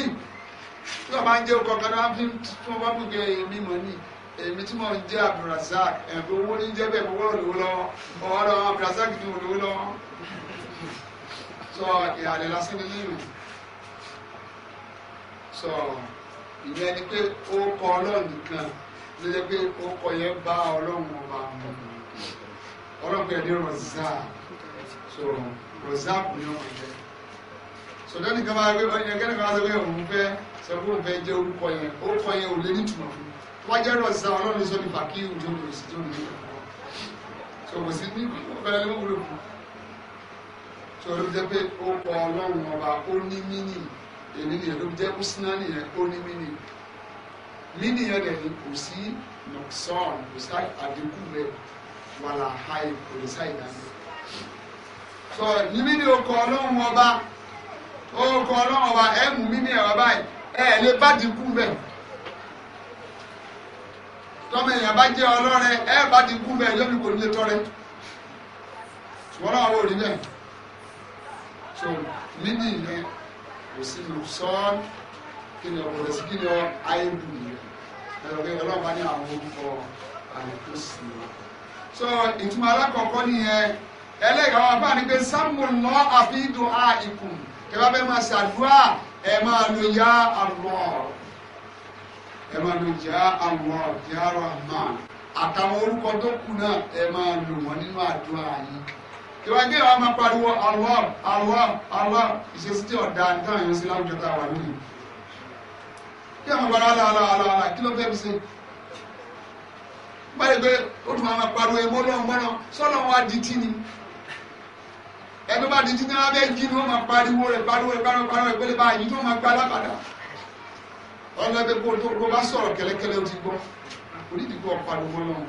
tí wọ́n bá ń jẹ́ ọkọ̀ kan náà fi fún ọba gbogbo èmi mọ̀ ní èmi tí mò ń jẹ́ Abdulrasaq ẹ̀kọ́ owó ní jẹ́ bẹ́ẹ̀ gbogbo olówó lọ ọ̀rọ̀ Abdulrasaq ti olówó lọ sọ ìhàlẹ̀ lásán ní yìí sọ ìyẹn ni pé ó kọ Ọlọ́run nìkan ló jẹ́ pé ó kọ yẹn bá ọlọ́run ọba mu ọlọ́run pé rọ̀zá so rọ̀zá kù ní ọmọ jẹ́ sọdọ́ nìkan bá gbé ọyàn kẹ́ni kan sọ pé òun fẹ́ sọ pé òun fẹ́ jẹ́ orúkọ yẹn orúkọ yẹn ò lé nítumọ̀ fún wọ́n jẹ́ rọ̀zá ọlọ́run sọ ní fàkíyù tó lò sí tó lò sí so kò sí ní ọ̀fẹ́ ló wúlò fún so ló jẹ́ pé ó kọ ọlọ́run ọba ó ní mínì èmi nìyẹn ló níní yẹn dẹ̀ ni kò sí nọ̀sán kò sí àdínkù rẹ̀ wàlà àì kò lè sọ níbi ni okò ọlọ́run ọba okò ọlọ́run ọba ẹ̀ mú mímí ẹ̀ wá báyìí ẹ̀ lè bá dínkù rẹ̀ tọ́mọ èèyàn bá jẹ́ ọlọ́rẹ ẹ bá ti kú lórí kò nílé tọ́rẹ ṣùgbọ́n àwọn òrí bẹ́ẹ̀ so níní kò sí lò kí ni ọ̀pọ̀lọpọ̀ sí kí ni ọ ayé bù mí tẹ̀lé pé ọlọ́run ní àwọn orúkọ àlùkò sí i. so ìtumọ̀ alákọ̀ọ́kọ́ nìyẹn ẹlẹ́gàá wọn bá ní pé sámúlù lọ́ àfi dùn á ikùn ẹ bá fẹ́ máa ṣàdúrà ẹ máa lo yá àlọ́ ẹ máa lo yá àlọ́ yá rahman àtàwọn orúkọ tó kù náà ẹ máa lò wọ́n nínú àdúrà yìí ìwádìí àwọn máa pariwo àlọ́ àlọ́ àlọ́ ìṣesí tí ọ̀dà ń tàn láwùjọ tá a wà lónìí kí àwọn ọ̀gbọ̀n ara ara ara ara kí ló fẹ́ fi ṣe báyìí pé o tún máa pariwo ẹ̀ mọ́lọ́run mọ́lọ́run sọ́nà wa di tí ni ẹgbẹ́ bá di tí ni wọ́n bẹ́ẹ̀ jí ni wọ́n máa pariwo rẹ̀ pariwo rẹ̀ pariwo pariwo rẹ̀ pélé báyìí tí wọ́n máa gba alábàdà ọlọ́gbẹ́ kó tó kó bá sọ̀rọ̀ kẹ́lẹ́kẹ́lẹ́ o ti gbọ́ onídìgbò ọ̀pariwo mọ́lọ́run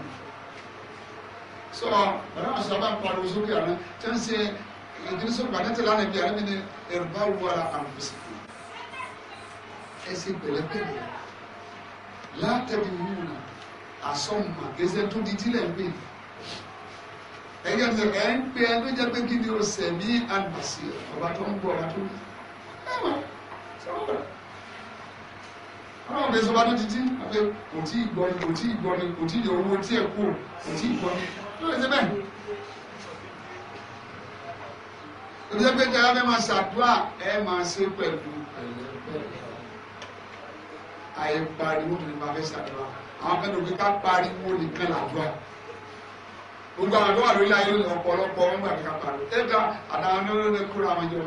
sọ bàbá àwọn sábà ń pariwo sókè àná tí wọ́n ń ṣe ìdílé sọ̀rọ̀ bàtẹ́tẹ̀ lánàá bí i àrẹ́bí ni ẹ̀rù bá wù ara àrùn bùsùn ẹsẹ̀ pẹ̀lẹ́pẹ̀lẹ́ látẹ̀bí wúwo àsọ̀mà gẹ́sẹ̀ tó di tílẹ̀ ń pè ní. ẹgbẹ́ mi ẹ̀ ń pe ẹ ló jẹ́ pé kí ni o sẹ̀mí àgbèsè ọba tó ń bọ̀ ọba tó ń bọ̀ ọlọ́run bẹ sọ́ba tó títí àpé kò tí ì gbọ́ ni kò tí ì gbọ́ ni kò tí ì yọ owó tí ẹ̀ kú kò tí ì gbọ́ ni lórí ẹsẹ̀ bẹ́ẹ̀. ìdílé pé kí ẹ máa ṣàdúrà ẹ máa ṣe pẹ̀lú pẹ̀lẹ́pẹ̀lẹ́ àìpariwo tó ní máa fẹ́ ṣàdúrà àwọn kan lòdì ká pariwo nìkan làdúrà gbogbo àwọn tó wà lórí ayé ọ̀pọ̀lọpọ̀ wọn gbà pé ká pariwo ẹ̀dá àtàwọn ọmọdé kóra àwọn jọ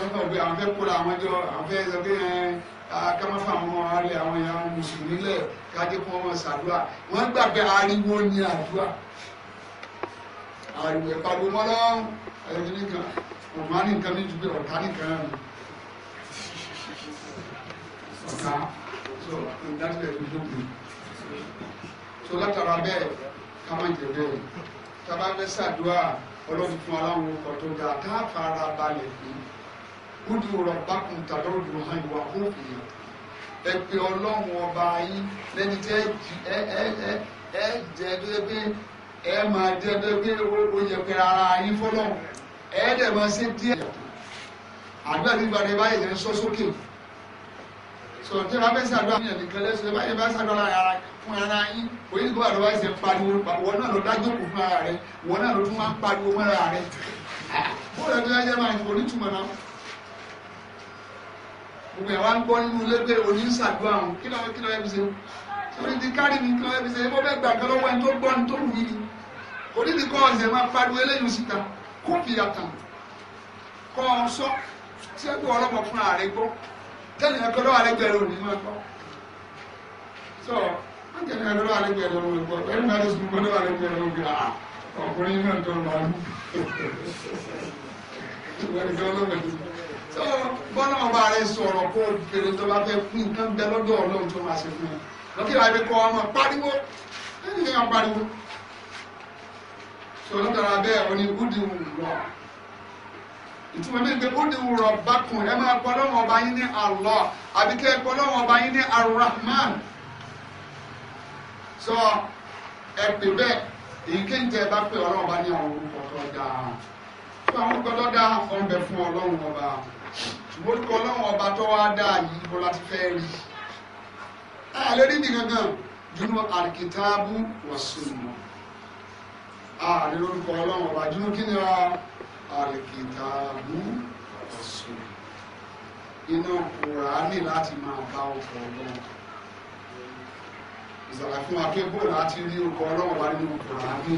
ẹ̀fọ́ pé àwọn fẹ́ kóra àwọn jọ àwọn fẹ́ sọ pé kama fa àwọn arẹ àwọn ẹ̀yà àwọn mùsùlùmí lẹ̀ kájé kó wọn ṣàdúrà wọ́n gbà pé ariwo ni àdúrà ariwo ìpàdé wọn lọ ẹni nìkan ọ̀mọ́ nìkan ní ju pé ọ̀tá nìkan rẹ̀ ọ̀tá so in that way we do it so látara bẹ́ẹ̀ ká má jẹ bẹ́ẹ̀ tábà fẹ́ ṣàdúrà ọlọ́run fún aláwọn ọkọ̀ tó dáa tá a fara balẹ̀ fún kúndùn ọ̀rọ̀ bákun tàbí ọdún hàn ìwà fún òfin ẹ pé ọlọ́run ọba yín lẹ́ni tí ẹ ẹ ẹ ẹ jẹ bébé ẹ máa jẹ bébé o yẹ pé ara yín fọlọ́run ẹ dẹ̀ máa ṣe díẹ̀ àdúrà nígbà rẹ báyìí ẹ ń sọ sókè sọ tí wọn bẹ ṣàdúrà ní ẹnìkan lẹsọ ẹ bá yẹ bá ṣàdúrà ara fún ara yín oyin kó bá lọ bá ṣe pariwo wọn náà lọ dájú òkú fún ara rẹ wọn náà lọ tún máa ń pariwo mọ ara rẹ bóòlù ẹni tó yẹ máa ń onítùmọ̀ náà gbogbo ẹ̀ wá ń gbọ́ nínú ilé pé oyin ṣàdúrà òun kí lọ́wọ́ kí lọ́wọ́ ẹ fi ṣe orí ti kárí mi kí lọ́wọ́ ẹ fi ṣe ẹ bọ́ bẹ́ẹ̀ gbà kan lọ́wọ́ ẹni tó gbọ́ ni tó wù yìí orí ti kọ́ ọ̀sẹ̀ máa pariwo eléyìí síta kó fìyà tàn kọ́ ọ sọ ṣẹ́gun ọlọ́mọ fúnra rẹ gbọ́ tẹ́lẹ̀ ẹ̀kọ́ lọ́wọ́ alẹ́gbẹ̀rẹ̀ òní máa gbọ́ so wọ́n tẹ́lẹ̀ ẹ̀kọ́ lọ́wọ́ alẹ́gbẹ̀rẹ̀ òní gbọ́ ẹ̀rù máa lè sùn gbọ́dọ̀ alẹ́gbẹ̀rẹ̀ ah, òní gbà ọkùnrin náà tó máa lù so bọ́lá ọba rẹ sọ̀rọ̀ kó fèrè tó bá fẹ́ fún nǹkan bẹ lọ́dọ̀ ọlọ́run tó máa ṣe fún ẹ lọ́kìlá ibi kọ́ ọmọ pariwo ẹni ní ọmọ pariwo so lọ́kìlá bẹ́ẹ̀ oní gúdìmù lọ́wọ́ ìtumọ̀ mi pé bóde wùrọ̀ bákùn ẹ máa gbọ́ lọ́wọ́ ọba yín ní Allah àbí kẹ́ ẹ gbọ́ lọ́wọ́ ọba yín ní ar sọ ẹ pè bẹ́ẹ̀ èyí kéńtẹ́ ẹ bá pè ọlọ́wọ́ ọba ní àwọn orúkọ tó dáa fún àwọn orúkọ tó dáa fún ọbẹ̀ fún ọlọ́wọ́ ọba orúkọ ọlọ́wọ́ ọba tó wá dáa yìí bó láti fẹ́ rí ẹ lè rí nìkan kan dunu àrìkìtáàbù wà sùnmù ààrẹ orúkọ ọlọ́wọ́ ọba dunu kí ni ọ. alikitaabu ọ̀sùn inú kùránì láti máa bá ọkọ̀ ọlọ́run ìsàlàyé fún wa láti rí ọkọ̀ ọlọ́run wá nínú kùránì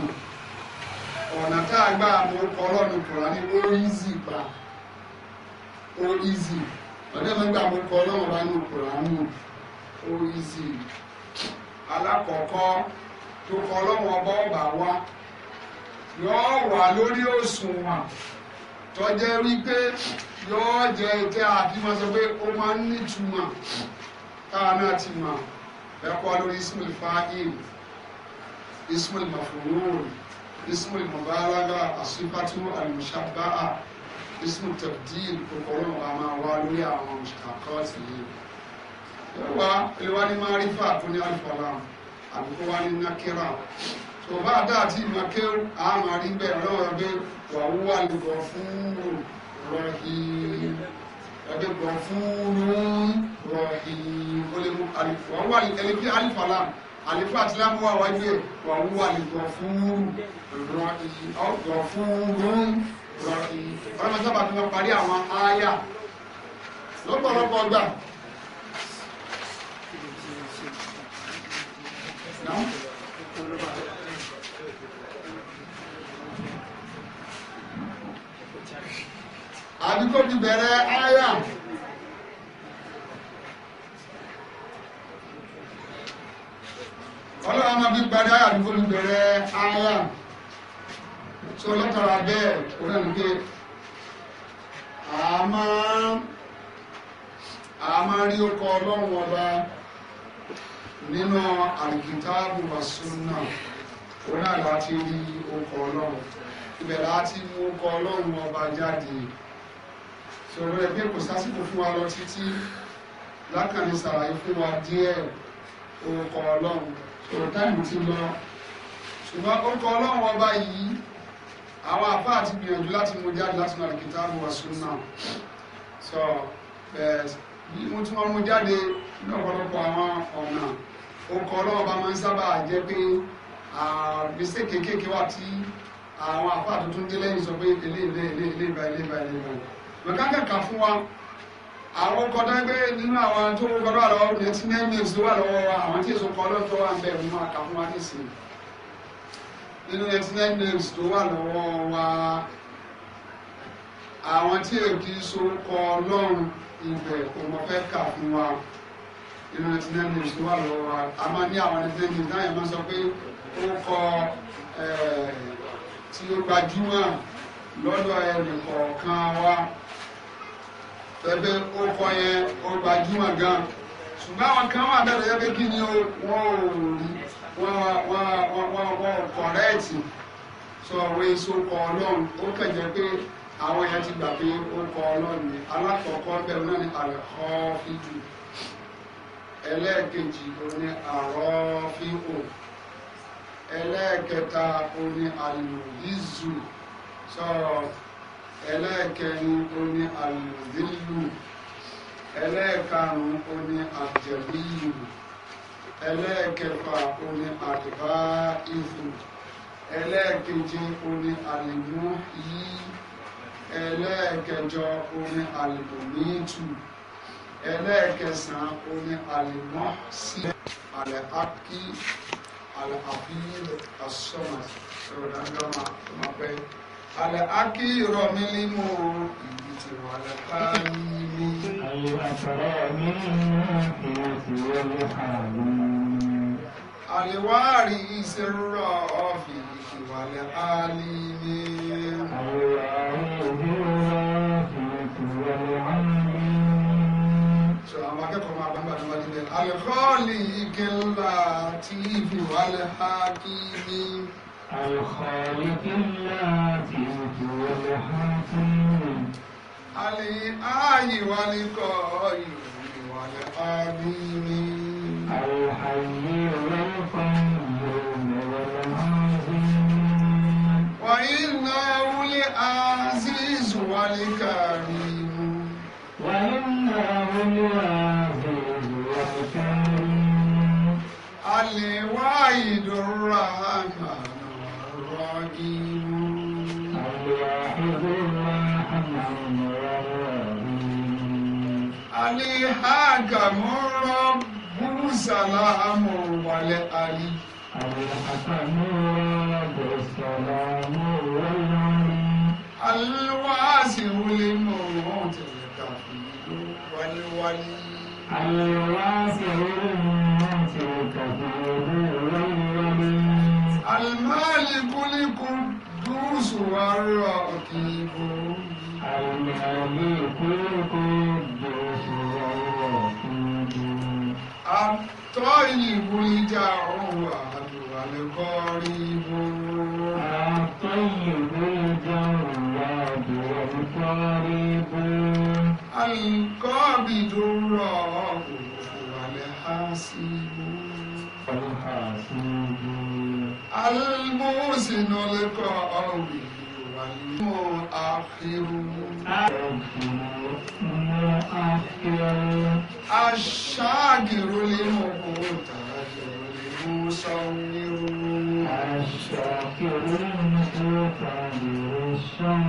ọ̀nà tá a gbà mọ ọkọ̀ ọlọ́run kùránì ó ízì gbà ó ízì mi gbà nínú ó ízì alákọ̀ọ́kọ́ tó kọ ọlọ́run ọba ọba yọ wà lórí òṣùwọ̀n tó jẹ́ wípé yọ jẹ́ tẹ́ àbímọ sọ pé ó máa ń nítumọ̀ káà náà ti mọ̀ ẹ̀kọ́ lórí ismail fahim ismail mafurur ismail mubalaga asifatu alimushaba'a ismail tabdil kòkòrò àwọn àwa lórí àwọn mùsàkọ́ọ̀tì yìí yọ wá ìwádìí máa rí fà tó ní àlùfọ̀lá àbúkọ́ wá ní tó bá dáa tí ìmọ̀ kéwù á máa rí bẹ́ẹ̀ lọ́wọ́ pé wàhùn wà lè bọ̀ fún rọ̀hìn ẹgbẹ́ bọ̀ fún rọ̀hìn ó lè mú àlìfọ́ wọ́n wà lè fi àlìfọ́ làm àlìfọ́ àti lámú wà wájú ẹ̀ wàhùn wà lè bọ̀ fún rọ̀hìn ọ̀gbọ̀ fún rọ̀hìn ọlọ́mọ sábà fi máa parí àwọn ááyà lọ́pọ̀lọpọ̀ gbà. Now? àdúgbò ti bẹ̀rẹ̀ àyà. ọlọ́run máa fi parí àyà àdúgbò ti bẹ̀rẹ̀ àyà tí ọlọ́tara bẹ́ẹ̀ òun náà nìké àmọ́ àmọ́ rí orúkọ ọlọ́run ọba nínú àlùkìtàbù wàsúnà òun náà láti rí orúkọ ọlọ́run ibẹ̀ láti mú orúkọ ọlọ́run ọba jáde sọ̀rọ̀ ẹgbẹ́ kò sásìkò fún wa lọ títí lákàní sàlàyé fún wa díẹ̀ orúkọ ọlọ́run sọ̀rọ̀ táìmù ti lọ ṣùgbọ́n orúkọ ọlọ́run ọba yìí àwọn àbá àti gbìyànjú láti mú jáde láti nà kìtà bù wá sún náà sọ bí mo tún wọn mú jáde ní ọ̀pọ̀lọpọ̀ àwọn ọ̀nà orúkọ ọlọ́run ọba máa ń sábà jẹ́ pé àgbèsè kéékèèké wà tí àwọn àbá àtúntún délẹ́yìn sọ pé eléyìí eléyìí eléyìí báyìí eléyìí báyìí mẹkánkẹ̀kà fún wa àwọn ọkọ̀ gbé nínú àwọn tó ń kọ́ lọ́wọ́ ní ti wà lọ́wọ́ wa àwọn tí èso kọ́ tó wà ń bẹ̀ mú fún wa ní ìsìn nínú eighty tó wà lọ́wọ́ wa àwọn tí èkì so kọ ọlọ́run ibẹ̀ kò mọ fẹ́ kà fún wa nínú eighty tó wà lọ́wọ́ wa a máa ní àwọn eighty nine names máa sọ pé ó kọ tí ó gbajúmọ̀ lọ́dọ̀ ẹnì kọ̀ọ̀kan wa ẹgbẹ́ orúkọ yẹn ó gbajúmọ̀ gan ṣùgbọ́n àwọn kan wà bẹ́ẹ̀ lẹ́gbẹ́ kí ni wọ́n ò rí wọ́n kọ̀rẹ́ẹ̀tì sọ àwọn èso kọ ọlọ́run ó kẹ̀jẹ́ pé àwọn èèyàn ti gbà pé ó kọ ọlọ́run ni alákọ̀ọ́kọ́ bẹ̀rù náà ni àrẹ̀kọ́ fídù ẹlẹ́ẹ̀kejì oní àrọ́ fíhò ẹlẹ́ẹ̀kẹta oní àlùyízù sọ̀rọ̀ ẹlẹ́ẹ̀kẹrin ó ní alùzílù ẹlẹ́ẹ̀karùn-ún ó ní àjẹ̀bíyù ẹlẹ́ẹ̀kẹfà ó ní àdìbá ìfù ẹlẹ́ẹ̀keje ó ní àlìmú yìí ẹlẹ́ẹ̀kẹjọ ó ní àlìbòmíìtù ẹlẹ́ẹ̀kẹsàn-án ó ní àlìmọ́ sí àlẹ́ ákí àlẹ́ àbíyí àsọ̀mọ̀ ẹ̀rọ̀dàgbọ́n máa pẹ́ alẹ́ akí rọ mi ní mo ìlú ti wà lẹ́ka mi. ayé àtọ̀rọ̀ mi ní oṣù wọlé mi. àríwá rí ìṣerúrọ̀ ọ̀fìsì wà lẹ́ka mi àwọn akẹ́kọ̀ọ́ máa bá ha kí الخالق اللاتيف والحكيم الآي والقائم والآمين الحي والقيوم والعظيم وإنه لعزيز والكريم àkàmúrọ̀ búrúsàlá amọ̀rọ̀wálẹ̀ àrí. àkàmúrọ̀ búrúsàlá amọ̀rọ̀wálẹ̀ àrí. aléwàásì wọlé mọ̀rọ̀ tẹ̀lé kàfí ló wáléwálé. aléwàásì wọlé mọ̀rọ̀ tẹ̀lé kàfí ló wáléwálé. alimọ́ọ̀lì kúlíkù dúrúsù wàrà ọ̀kìnìbó. alimọ́ọ̀lì kúlíkù. الطيب الجوع والقريب الطيب الجواد والقريب القابض الرؤوف والحاسب والحاسب المحسن القوي الشاكر لمقتدر المصور الشاكر المقتدر المصور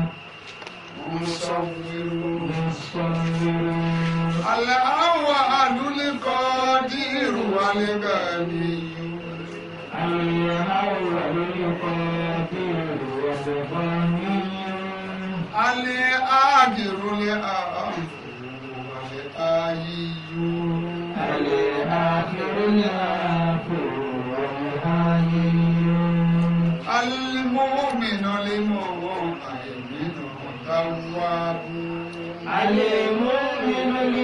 مصور الأوعد القادر والغني الأوعد القادر والغني Ale ale ale ní àdìrú ale àrùn wàlẹ̀ ayíyú. àlè àdìrú ní ale wàlẹ̀ ayíyú. alimọ́mìnà lè ale wọ́n àìmínà dáwàbù. alimọ́mìnà lè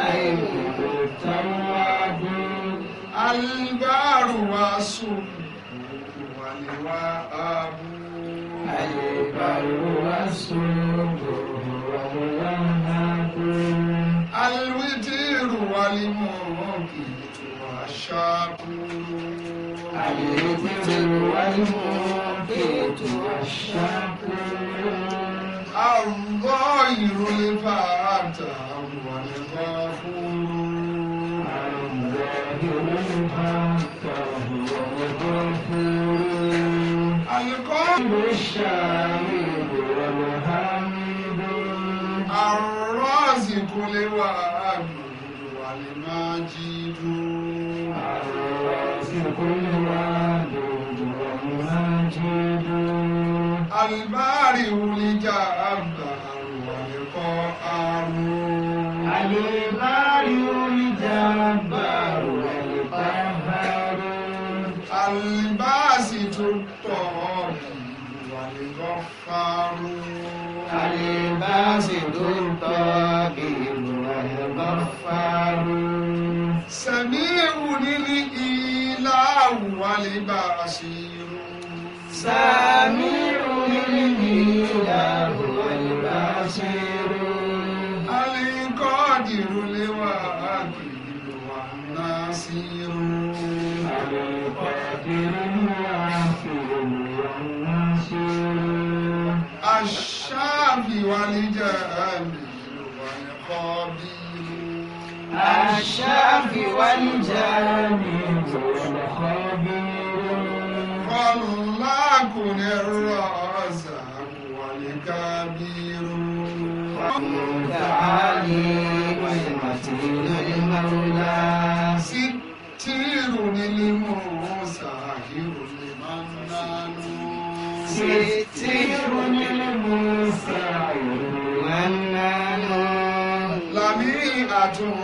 ale àìmínà dáwàbù. alibáàrù wa sùn. والسرور والرهاب الوتير والموقيت والشاكور الوتير والموقيت والشاكور الظاهر الفاتح والمجد والمجيد كل واجد ومجيد البارئ لجاب والقهار البارئ لجاب والقهار الباسط الطهار والغفار الباسط الطهار ghafaru. sẹ̀mí ewu nílí ilá àwùwálé bá a ṣe irú. sẹ̀mí ewu nílí ilá àwùwálé bá a ṣe irú. alikọ́ọ̀dì rúlé wà á kìlì wà náà sí irú. alikọ́ọ̀dì rúlé wà á kìlì wà náà sí irú. aṣáàbì wà níjà àmì. الخبير مع الشاف والجانب والخبير فالله الرازق والكبير تعالي والمتين المولى ستير للمساهر المنان ستير للمساهر المنان لميئة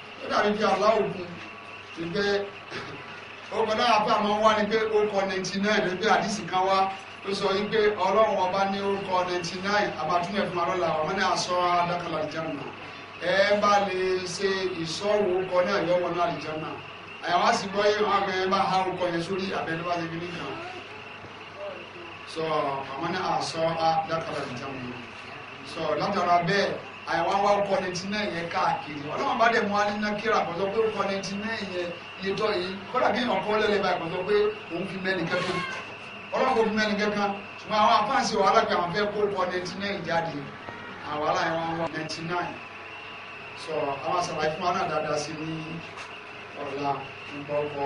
ó dàbí bí aláwògùn ti gbé orúkọ náà bá máa wá ní pé orúkọ ninety nine ló gbé àdìsí kan wá tó sọ wípé ọlọ́run ọba ní orúkọ ninety nine àbátúnyẹ̀ fún alọ́la ọmọ náà sọ adákàlà ìjànà ẹ bá lè ṣe ìṣọ́wò orúkọ náà yọ̀wọ̀ náà ìjànà àyàwó sì gbọ́ yé wọn àgbẹ̀ bá ha orúkọ yẹn sórí abẹ́lẹ́ bá ṣe kí nìkan sọ ọmọ náà sọ adákàlà ìjànà sọ látara bẹ́ẹ̀ àyàwó wa ń kọ ninety nine yẹn káàkiri ọlọ́run bá dẹ̀ mú wa ní nàkírà kò sọ pé ó kọ ninety nine yẹn iye tọ́ yìí kódà kí èèyàn kọ́ lẹ́lẹ́ báyìí kò pé òun fi mẹ́ni kankan ọlọ́run kò fi mẹ́ni kankan ṣùgbọ́n àwọn àfáàsì wàhálà pé àwọn fẹ́ kó kọ ninety nine jáde àwọn wàhálà wọn wọ ninety sọ àwọn àṣàlàyé fún wa náà dáadáa sí ní ọ̀la nípa ọkọ̀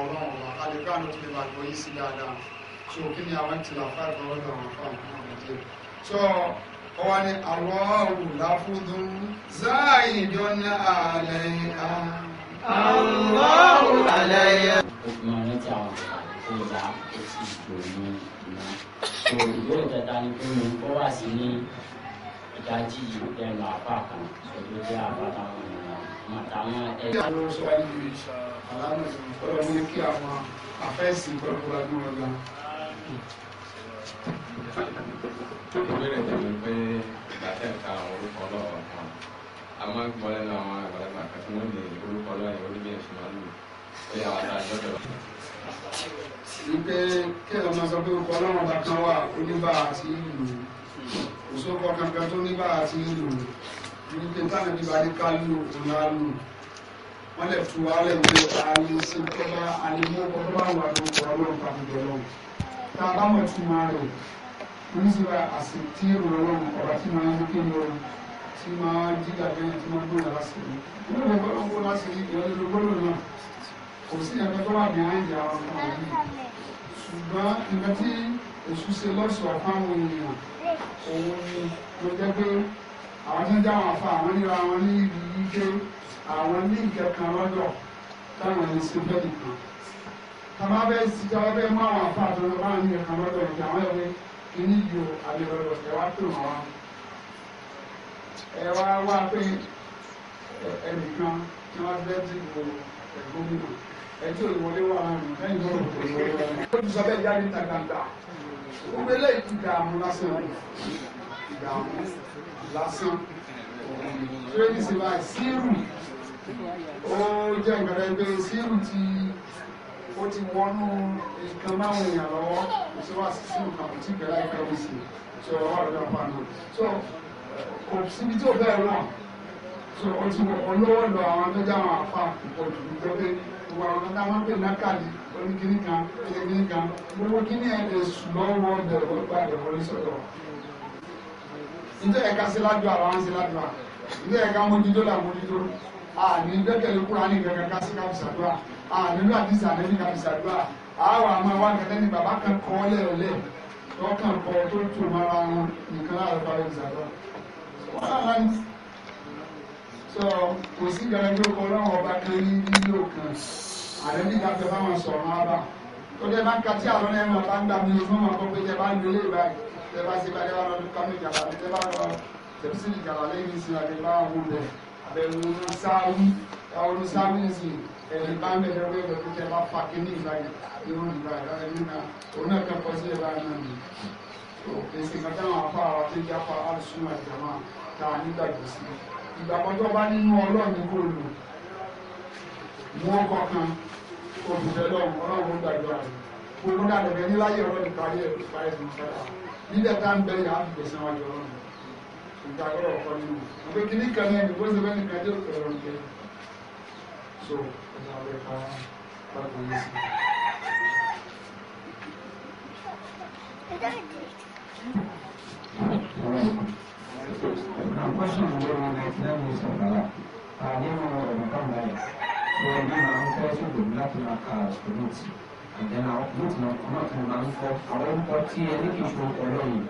ọlọ́run ọwọ́ ni Allahu láfúdún záàyìnjọ́ ní àlẹ́ ìhà. Allahu àlẹ́ ìhà. Ogun ọ̀rẹ́ tí àwọn ọ̀gá èsì ìgbòho náà. Òyìnbó ìtẹ̀ta ni pé mo kọ́ wá sí ní ìdájí yìí lẹ́nu apá kan ṣojú jẹ́ àbáta àtàwọn ẹ̀yà. Ìyá ló sọ wáyé ìlú ìṣà ọ̀rọ̀ ní kí àwọn afẹ́sì pẹ̀lú ọ̀gá. Ìbéèrè tẹ̀lé pé kẹ́ǹka àwọn orúkọ ọlọ́run kan a máa ń gbọ́ lẹ́nu àwọn àgbàlagbà kan tí wọ́n lè orúkọ ọlọ́run oníbí ẹ̀sùn máa lù ó yà wá dáa lọ́dọ̀ lọ. wípé kéèyàn máa sọ pé orúkọ ọlọ́run ọba kan wà oníbà àti ìlú òṣòkọ kankan tó níbà àti ìlú wípé táwọn ìdíbà ní kálù òun á lù wọ́n lè tu wàhálà ìwé ààyè sí tó bá àlè mọ́ ọkọ̀ tó bá wà lórúkọ ọlọ́run pàtó se nígbà àsìtí ìrọ̀lọ́rùn ọ̀rá tí máa ń kí lọ tí máa jígà bẹ́ẹ̀ tí máa gbọ́nà lásìrí nígbà gbọ́nà lásìrí ìrọ̀lọ́rùn gbọ́nà náà kò sí ẹ̀fẹ́ tó wà ní àìjà ọ̀kan yìí ṣùgbọ́n nígbà tí èṣù ṣe lọ́sọ̀ fáwọn èèyàn òun ni ló jẹ́ pé àwọn tó ń já wọn fa àwọn níra wọn ní ibi ike àwọn ní ìkẹkàn lọ́dọ̀ táwọn ẹni ṣe fẹ́ nìkan tàbá bẹ́ẹ̀ sí tàbá bẹ́ẹ̀ mú àwọn àfa àtọ́nà báwọn ní ìkẹkàn lọ́dọ̀ ìjà wọn lọ́dọ̀ kíní ju àlebọdọ ẹ wá tó mọ wọn ẹ wá wá pé ẹnìkan tí wọn fẹẹ ti wo gómìnà ẹtí olùwọlé wà lánàá lẹ́yìn tó lòdì olùwọlé wà ó ti sọ bẹ́ẹ̀ jáde ta gbangba gbogbo eléyìí ti dààmú lásán ìdààmú lásán tírénì sì bá sírù ó jẹ́ nǹkan rẹ̀ pé sírù ti ó ti wọnú nǹkan máwọn èèyàn lọ́wọ́ kò sí wá sí sínú kan tí ìbẹ̀rẹ̀ ẹ̀ka ó sì sọ ọwọ́ àdúrà pàdé so kò síbi tí o bẹ́ẹ̀ náà so ó ti wọ olówó lọ àwọn tó jáwọn àfa ìpọ̀jù nítorí gbogbo àwọn tó dáwọn pè nákàlí oníkíní kan oníkíní kan gbogbo kíní ẹ̀ lè sùn lọ́wọ́ bẹ̀rẹ̀ wọ́n gbà bẹ̀rẹ̀ wọlé sọ̀rọ̀ ǹjẹ́ ẹ̀ka sí ládùá àwọn àǹsí ládùá ǹjẹ́ ẹ̀ka mójútó làmójútó àní gbẹ́kẹ̀lé kúránì gẹ́gẹ́ ká sí káfíńsàdúrà ànílò ah, àdìsí àmẹ́bí ká fi ṣàdúrà àwọn àmọ́ wa kẹtẹ́ ní bàbá kan kọ́ lẹ́ọ̀lẹ́ tó kàn kọ́ tó tù mọ́ra wọn nìkan láàrú bá fi ṣàdúrà. wọ́n á láyé sọ kò sí ìgbàlẹ́ ní oko ọlọ́run ọba kan ní nílò kan àmẹ́bí ká fẹ́ báwọn sọ̀rọ̀ ábà tó dé bá ń katí àlọ́ náà máa bá ń gbà mí fún ọmọ kó pé jẹ bá ń lé báyìí tẹ bá ṣe bá dé wà lọ́dún kámi ìjàmbá mi tẹ bá lọ tẹ̀síìlì ìjàmbá lẹ́yìn ìsìn àgbẹ̀ bá wọn wọlé àbẹ̀wò ní sáwí àwọn oníṣàwí ìsìn ẹni bá ń bẹ̀rẹ̀ wọ́n yẹ kó tẹ́ bá fa kí ní ìbáyìí yóò ní ìbáyìí lọ́wọ́ ẹni náà òun náà kẹ́kọ̀ọ́ sí ẹ̀rọ àná mi. èsì kan táwọn afá wa tó jẹ́ afá alùsùnmọ̀ ìjọba ta nígbàgbọ́ sí i. ìgbàgbọ́ tó bá nínú ọlọ́ọ̀ni kò lò mú ọkọ̀ kan olùfẹ́ lọ́wọ́ ọlọ́run gbàdúrà rẹ̀ olùdá lẹ̀rẹ̀ ní láyé ọ̀rọ̀ ìparí ẹ̀ ìparí ẹ̀ ìfẹ́ra nílẹ̀ tá ń bẹ̀rẹ̀ àbùgbèsàn wájú ọlọ́run ìgbàgbọ́ ọ̀pọ̀ nínú ọ̀pẹ́ kìnnìkan สุขประชาธิปไตยประชาธิปไตย question is whether my exam is or not. I So then I also did not knock out the roots. And then I'll put not knock on my foot. I won't talk to you, I you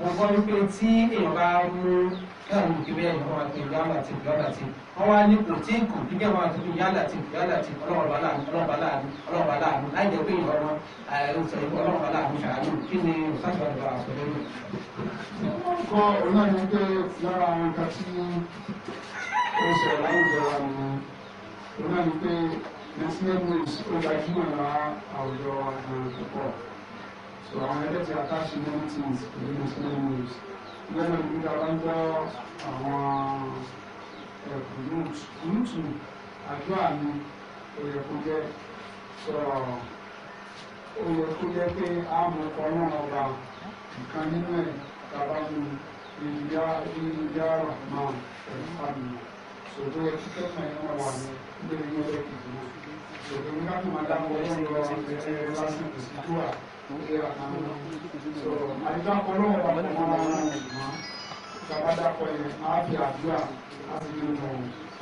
mo gbọ́ wípé tí èèyàn bá mú káwọn olùkébẹ́ ẹ̀yìn wọn àti ìlú àmàtì ìlú àmàtì wọn wá ní kò tí kò bí kẹ́ wọn àtúntò yálà ti yálà ti ọlọ́ọ̀bá láàánú ọlọ́ọ̀bá láàánú ọlọ́ọ̀bá láàánú láì jẹ́ pé ìyọ̀ wọn ọ̀sẹ̀ ìlú ọlọ́ọ̀bá láàánú ṣàánú kí ni òṣàṣà ìgbà àṣọ lórí. kọ onáyẹ ni pé lára àwùjọ wa So àwọn ẹgbẹ́ ti àtàṣe many things pẹ̀lú Muslim rules. Gbẹ́nà ní dábàá ń gbọ́ àwọn ẹ̀kú eh, nùtù àdúrà mi òye kó jẹ́ sọ̀rọ̀ òye kó jẹ́ pé a mọ ọlọ́run ọba nǹkan nínú ẹ̀ dábàá mu ìyá ìyá rahman pẹ̀lú fàmìlì. Sòdó ẹtí kẹfà yẹn wà ní ilé ìwé ẹ̀kú. Sòdó nígbà tó máa dábọ̀ ọlọ́run lọ ẹ̀rọ eh, lásìkò sí dùà àdìdákọ lóhùn wà fún wọn ìjàmbádàkọ yẹn á fi àdúrà á sì nínú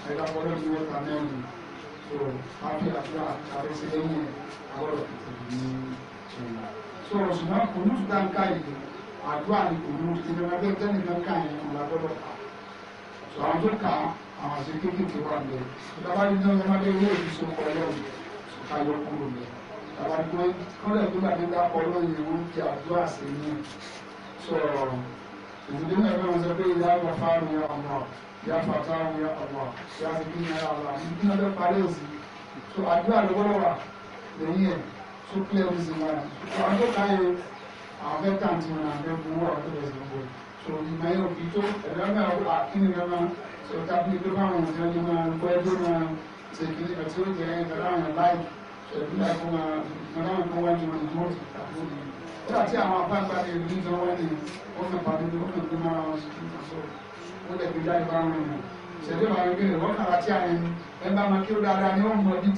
àdìdákọ lóhùn ní wọ́ta mẹ́rin so á fi àdúrà àti sí lẹ́yìn àwọ̀rọ̀ tuntun ní ìṣẹ̀lẹ̀. so ṣùgbọ́n kò ní ṣùgbọ́n ká yìí àdúrà ni kò ní ìdílé ẹgbẹ́ tẹ́lẹ̀ náà ká yẹn ọ̀la gbọ́dọ̀ kà so àwọn tó kà àwọn àṣẹ kéékèèké wà ń bẹ̀ ìjàmbá yìí náà ọmọdé owó ìṣòwò ọlọ́run ká yọ kúrò bẹ́ẹ̀ àwọn àdúgbò kúlẹ̀ nígbà tí ń dápọ̀ lóye owó ti àdúrà sí ní sọ̀rọ̀ ìdílé náà bẹ́ẹ̀ wọ́n sọ pé ìyá àgbà fáwọn ya ọmọ ìyá fàtà àwọn ya ọmọ ìyá àgbà ya ọmọ ìdílé náà bẹ́ẹ̀ parí òsì so àdúrà ló gbọ́dọ̀ wà lẹ́yìn ẹ̀ tó kílẹ̀ ó sì wáyà so àdó káyọ̀ àwọn fẹ́ tà tí wọn àgbẹ̀ fún wọn àti ọ̀sẹ̀ gbogbo so ìgbà yóò fi tó ẹ̀dá náà àkínní rẹ̀ máa sọ tábìlì pé nígbà tó máa wọn náà kan wá ní wọn tó ti kà fún mi nígbà tí àwọn apáńgbà rẹ̀ ní ìjọ wá ní wọn kàn pàdé ní wọn kàn gbé mára wọn sùn sọ wọn lè gbé jáde bá wọn nù ṣẹlẹ̀ wà wípé wọn kàn láti àyẹn ẹ bá máa kí ó dáadáa ní wọn mọ ibi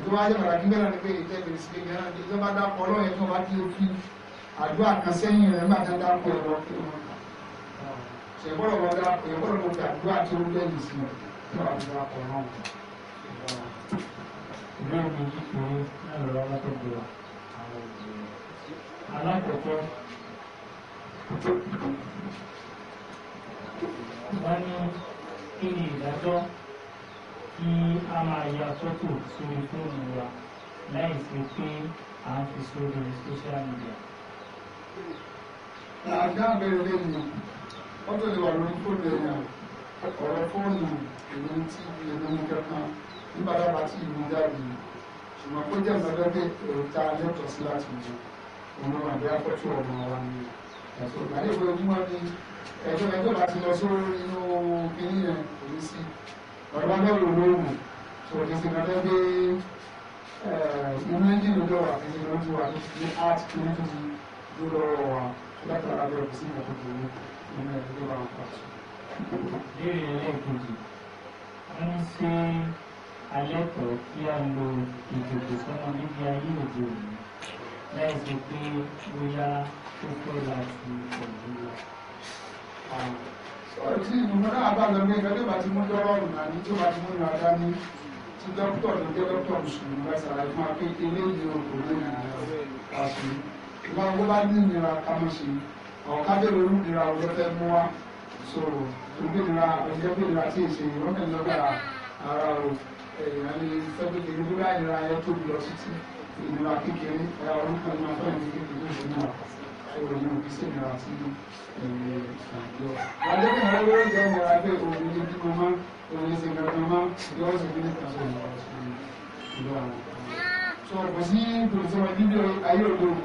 ètò bá jẹ́ pàtàkì mẹ́rin ni pé ìtẹ́ bèrè sí gbẹ̀rẹ̀ náà ètò bá dápọ̀ ọlọ́run ẹ̀tọ́ bá tí ó fi àdúrà kan sẹ́yìn rẹ̀ máa tán dápọ̀ ẹ̀rọ kí wọ́n kà ṣẹ̀gbọ́dọ̀ wọn dápọ̀ ẹ̀gbọ́dọ̀ wọn gbàdúrà tí ó gbẹ̀yìn sí wọn tó àdúrà pọ̀ náà. ìbéèrè mi jí pé mẹ́rin lọ́wọ́ tó gbé wa alákọ̀ọ́kọ́ wọ́n ní kí ni ìdájọ́ tí a máa ya sọ́tò sórí fóònù wa láì ṣe pé à ń fi sórí social media. àdáàbò ilé mi wọ́n tó lè wà lórí fóònù ẹ̀yà ọ̀rọ̀ fóònù èmi tí èmi ní kankan nígbà tá a bá ti ìlú jáde ṣùgbọ́n kó jẹ́ ìgbàgbọ́ pé èròjà lẹ́tọ̀ọ́ sí láti jù òun náà bí afọ́tò ọ̀nà wa ni ẹ̀sọ́ ìgbàlẹ́ ìwé ojúmọ́ ẹjọ́ ẹjọ́ bá lọ sórí inú kínní yẹn kò ní sí ọ̀rọ̀ mẹ́rin olóògùn tó ti sinmi ọdẹ gbé inú ẹ́ńjìnì ló wà ní ìlú ti wà ní ní art kí ní tuntun ló lọ́wọ́ wa látara bẹ́ẹ̀ kò sí ìyàtọ̀ tó ní inú ẹ̀ ló wà wà. ìbéèrè ẹlẹ́ẹ̀kejì ń ṣe alẹ́ tọ̀ kí a lo ìjòkó sọ́mọ níbi ayé òde òní láì ṣe pé bóyá ó fẹ́ láti ọ̀dọ́ wa ọ̀rọ̀ tí ìmúná náà bá lọ gbé ìgbẹ́lẹ́ bá ti mú dọ́rọ̀rùn náà ní tí ó bá ti mú ní ọ̀dá ní tí dókítà tó jẹ́ dókítà mùsùlùmí bá ṣàlàyé fún wa pé eléyìí òkú ló nà á sí ìgbà owó bá ní ìnira kámọ́ sí ọ̀ká bẹ̀rẹ̀ olú ìnira ọjọ́ fẹ́ mú wa sọ̀rọ̀ tó gbé ìnira ọjọ́ gbé ìnira tí èsì ìrọ́mẹ̀ lọ́gbàrà ara o èèyàn ní sọ́gbé ìlú bá ìnira ayọ́ tóbi lọ sí ti ìnira kékeré ẹ̀ ọ̀rùn kan máa fẹ́ ọ̀rọ̀ náà kí sì nira sí ẹ̀rẹ̀ àjọ. àjọ kí àwọn olóyè jẹ́ ìnira pé òun ní bí mo máa òun ní sí nǹkan máa yọ sí bí nípa sọ ìwà ọ̀sán ìlú àwọn. sọ kò sí tòlùsọ nílò ayé òde òkú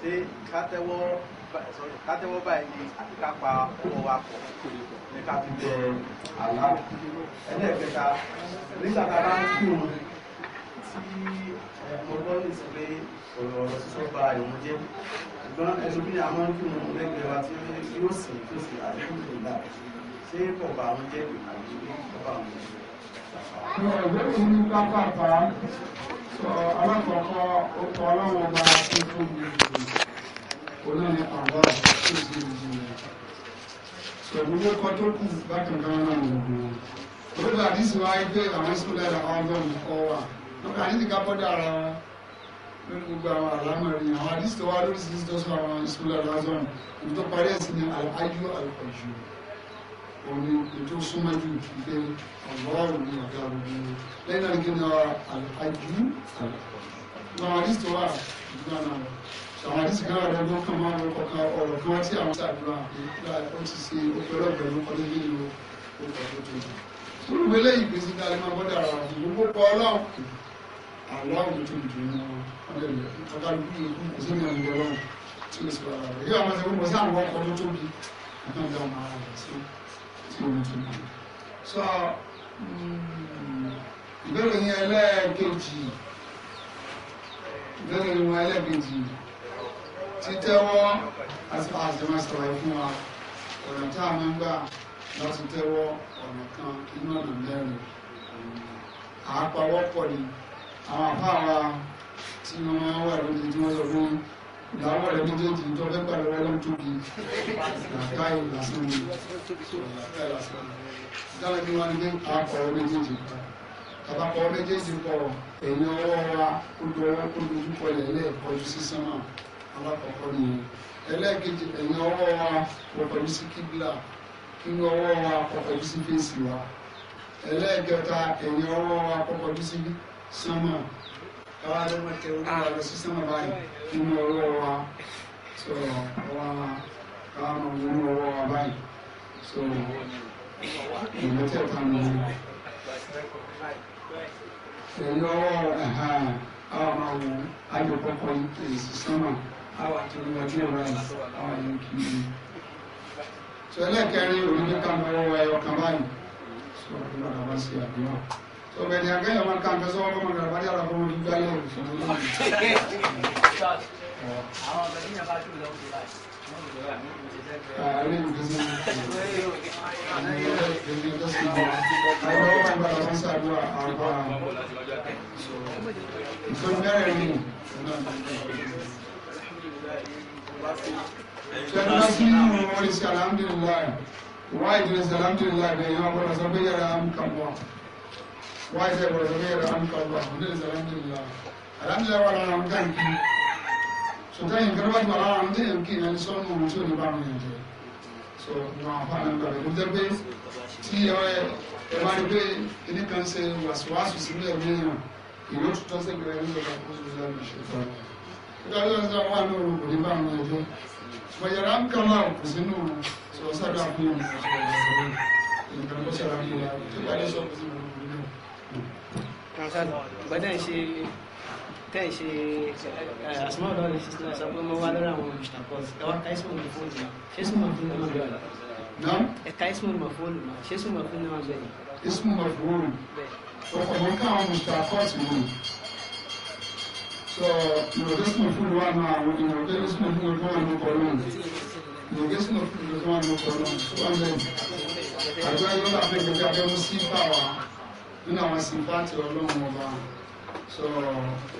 ṣé kátẹ́wọ́ kátẹ́wọ́ báyìí ni àti ká pa ọwọ́ wa pọ̀ ní ká fi bẹ àlá ẹlẹ́ẹ̀kẹta nígbà tá a bá ń kírun tí ẹ̀mọ́ lọ́nà sí pé ọ̀rọ̀ sísọ ba ìwọ̀n jẹ́ ṣùgbọ́n ẹ̀sùn bí àwọn ń kírun lẹ́gbẹ̀ẹ́ wa tí yóò sì tó sì àdéhùn ìgbà ṣé ọba àwọn jẹ́ àdéhùn ọba àwọn jẹ́. ọ̀rọ̀ ìwé ìlú pápá alákọ̀ọ́kọ́ ọkọ̀ ọlọ́wọ́ bá tó fún mi olóòrùn àwọ̀ tó sì ń jù rẹ̀ pẹ̀lú lókọ tó kù bákan náà náà gbogbo olóòrùn àdísì wá gbé àwọn sùkúlẹ̀ àwọn ọgbọ̀n kọ́ wà lọ́kọ̀ àdísì ká bọ́dọ̀ ara wa lórí gbogbo àwọn àlámọ̀rin sí tó àwọn sùkúlẹ̀ àwọn ọgbọ̀n ẹ̀sìn ní àlàájú àlùkọ̀jù òní ètò súnmọ́ jù pé ọ̀gbọ́rọ̀ ní ọ̀gá gbogbo lẹ́yìn náà kí ni àjú àwọn àdìsí wà nígbà náà àwọn àdìsí kan rẹ̀ ló kàn máa ń kọ̀ọ̀kan ọ̀rọ̀ kan tí àwọn ṣàdúrà nígbà ó ti ṣe ọpẹlẹ ọgbẹ̀rún ọdún nínú ọkọ̀ tó tó jù. olùgbé lẹ́yìn ìgbésí ní alẹ́ máa bọ́dà ara ìgbógbó pọ̀ ọlọ́run aláwọ̀ tó àwọn àwọn ọkọ̀ tó ọmọ ara so mm, ìbéèrè yẹn ẹlẹ́ẹ̀kejì ìbéèrè wọn ẹlẹ́ẹ̀kejì títẹ́wọ́ àti àṣẹmọ́ sọ̀rọ̀ fún wa ọ̀nà tá a máa ń gbà láti tẹ́wọ́ ọ̀nà kan inú ọ̀nà mẹ́rin àápawọ́pọ̀ ni àwọn àbáwa tí wọ́n máa ń wà lójoojúmọ́ lọ́dún a ìyàwó rẹ̀ méjèèjì tó lẹ́gbà rẹ̀ lọ́n tóbi làkàì lásán ni làkàì lásán ni dára bí wọ́n ní àkọ́rọ̀ méjèèjì kan àbákọ́ méjèèjì pọ̀ ẹ̀yìn ọwọ́ wa ojú ọwọ́ olójú pọ̀lẹ̀ lẹ́ẹ̀kọ́jú sí sánmà alákọ̀ọ́kọ́ ni ẹlẹ́ẹ̀kejì ẹ̀yìn ọwọ́ wa pọ̀pẹ̀lú sí kíbla kí ọwọ́ wa pọ̀pẹ̀lú sí fèsì wa ẹlẹ́ẹ̀kẹta ẹ̀yìn ọwọ́ wa pọ̀pẹ̀lú sí sánmà káwá ló mọ̀ tẹ orí wa lọ sí sẹ́wọ̀n báyìí nínú ọwọ́ wa so ọwọ́ káwá mọ̀ nínú ọwọ́ wa báyìí so ìlú tẹ̀ kan ní. Pẹ̀lú ọwọ́ àwọn máa wọ ayọ̀kọ̀kọ̀ èsì sánmà àwọn àti oníwájú ọ̀rá àwọn èèyàn kì í. Sọ ẹlẹ́kẹ̀rin òní ní ká mọ ọwọ́ ẹyọ kan báyìí. Sọ ọ̀rọ̀ bàbá sí to ɓe nder ga yaman kanka sowoɗo ma ngar mbaɗi ala komo ɗiɓɓale Tẹ̀lẹ́sìn ọmọ ìsìn alhamdulilayi, wáyé tẹ̀lẹ́sìn alhamdulilayi bẹ̀rẹ̀ yẹn wọ́n kọ́ra sọ pé yẹra ń kàn wọ́n wáyé sẹ wọlé wọlé yẹrẹ an kọlọ alhamdulilayi alhamdulilayi alhamdulilayi wàlá àwọn dá nkiri sọtá yìí nkiri wàlá wàlá àwọn dé yẹn kiri ẹni sọnù wọn tí ò ní bá wọn yẹn jẹ so wọn àfa náà gbàgbé kó jẹ pé tí ẹ ẹ bá rí pé ẹni kan ṣe wàsíwàsù sílẹ̀ ẹ̀mí yẹn ìlú tuntun ṣe gbé ẹni sọ̀rọ̀ kó sọ̀rọ̀ ṣe lẹ́nu ṣe fún un ìdájọ́ ìṣẹ́ wà ní òru kò ní bá wọn yẹn jẹ wọ̀nyẹ̀rẹ̀ an kọlọ kò sínú sọ̀rọ̀ sádà fún un ìgbàlódé sọ̀rọ̀ fún un gbọ́dọ̀ ṣe tẹ́ ṣe àsùnmọ́ ọ̀dọ́ rẹ̀ sísè náà sọ pé mo wá lórí àwọn olùṣàkọ́ ẹ̀wá káísùmù ní fóònù náà ṣé sùnmọ̀ fún náà máa bẹ̀rẹ̀ ẹ̀ka ìsùnmọ̀ mọ̀ fóònù náà ṣé sùnmọ̀ fún náà máa bẹ̀rẹ̀. ìsùnmọ̀ mọ̀ fóònù ọkọ̀ mọ̀ káwọn olùṣàkọ́ sì wò sọ ìrọ̀lẹ́ sùnmọ̀ fóònù wà máa wọ ìrọ̀lẹ́ sùnmọ̀ fóònù wà máa kọ̀ lóhùn ìrọ̀lẹ́ sùnmọ̀ fóònù wà máa kọ̀ lóhùn nínú àwọn sinfáàtì ọlọ́run ọba sọ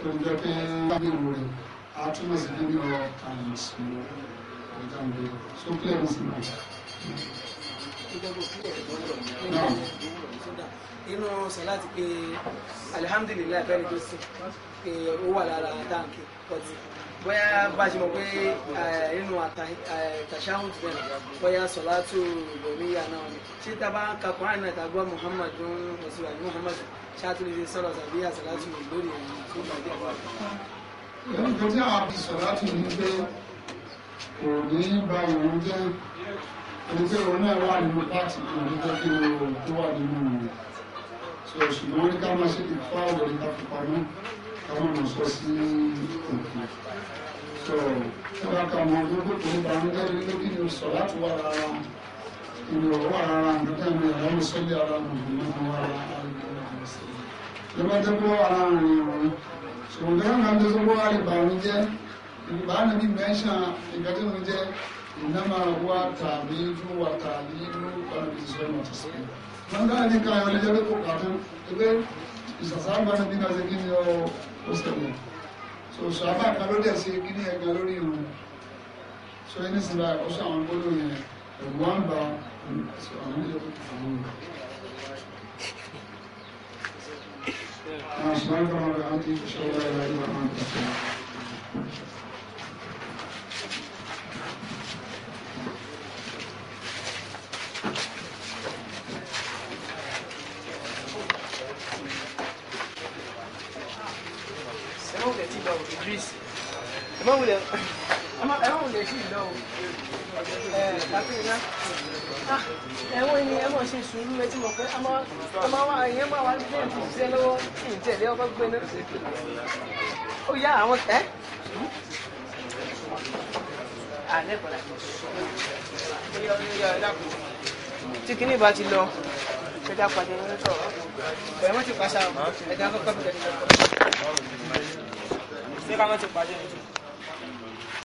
tó ń jẹ́ pé bábìrù rẹ̀ á túmọ̀ sí bíbí ọ àyèsí ọjà ń bẹ so clear sí mi. inú sọ láti pé alihamdulilayi fẹ́ni tó sìn pé ó wà lára táǹkì pọ̀jù bóyá bá ṣe mọ̀ pé eh, nínú eh, tashahud bẹ́ẹ̀ bóyá sọ̀látù ìbòmíyà náà ni ṣé tá a bá ń ka kùnrin náà tá a gbọ́ muhammad ń rọ̀sùn àti muhammad ṣáàtúndì ṣe sọ̀rọ̀ tàbí àṣàlátù lórí ẹ̀yìn tó gbàdé àwọn. ìlú tó ní àwọn àṣàlátù ní pé kò ní bá òun jẹ́ ẹni pé òun náà wà nínú pàtì kò ní jẹ́ kí òun tó wà nínú rẹ̀ ṣùgbọ́n ní ká máa ṣe ìfáwọ̀ ní ká fi káwọn mọ̀ sọ sí òkè tó wọn kà mọ ọdún tó kún bá ń lẹ́rìí lókè ní sọ láti wà rárá ìlú ọwọ́ rárá nǹkan tó ń lè lọ́wọ́ sọ́lé ara mọ̀ọ́dún náà wà rárá ìjọba tó kó ara rìn ìrọ̀rùn ṣùgbọ́n náà tó tó kó ara ìbànújẹ́ ìbánibí mẹ́ṣàn ìgbà tó ń jẹ́ ìnáma wa tàbí ìlú wa tàbí ìlú ọ̀rọ̀ ìṣẹ́ wọn ti sọ. Wọ́n dáa ní káyọ̀ lẹ́jọ́ lóko kàtó ẹgbẹ́ ìṣàṣàgbà níbi náà ṣe kí ni ọ̀rọ̀ ó ṣẹlẹ̀ so ṣàbà kan ló dẹ̀ ṣe kí ní ẹ̀ka lórí wọn so ẹni sinra ó ṣe àwọn gbólóhùn yẹn ògùn wọn bá àwọn yòókù àwọn yòókù. Assalamu alaikum warahmatullahi wabarakatuh. Chris. ẹ má wulẹ̀ ẹ má wulẹ̀ sí ìlọ o ẹ àfihàn ah, ẹ̀wọ̀n ni ẹ mọ̀ ṣe sùúrù ẹ ti mọ̀ pé a máa wá ìyẹn máa wá gbé ìṣiṣẹ́ lọ́wọ́ kí n tẹ̀lé ọkọ̀ gbé náà ó yá àwọn ẹ́ àlẹ́ kọ́lá tí kìíní bá ti lọ ẹja pàdé ní sọ̀rọ̀ ẹ̀wọ̀n ti pàṣà ẹja kọ́kọ́ bí ẹja 这刚刚九八件。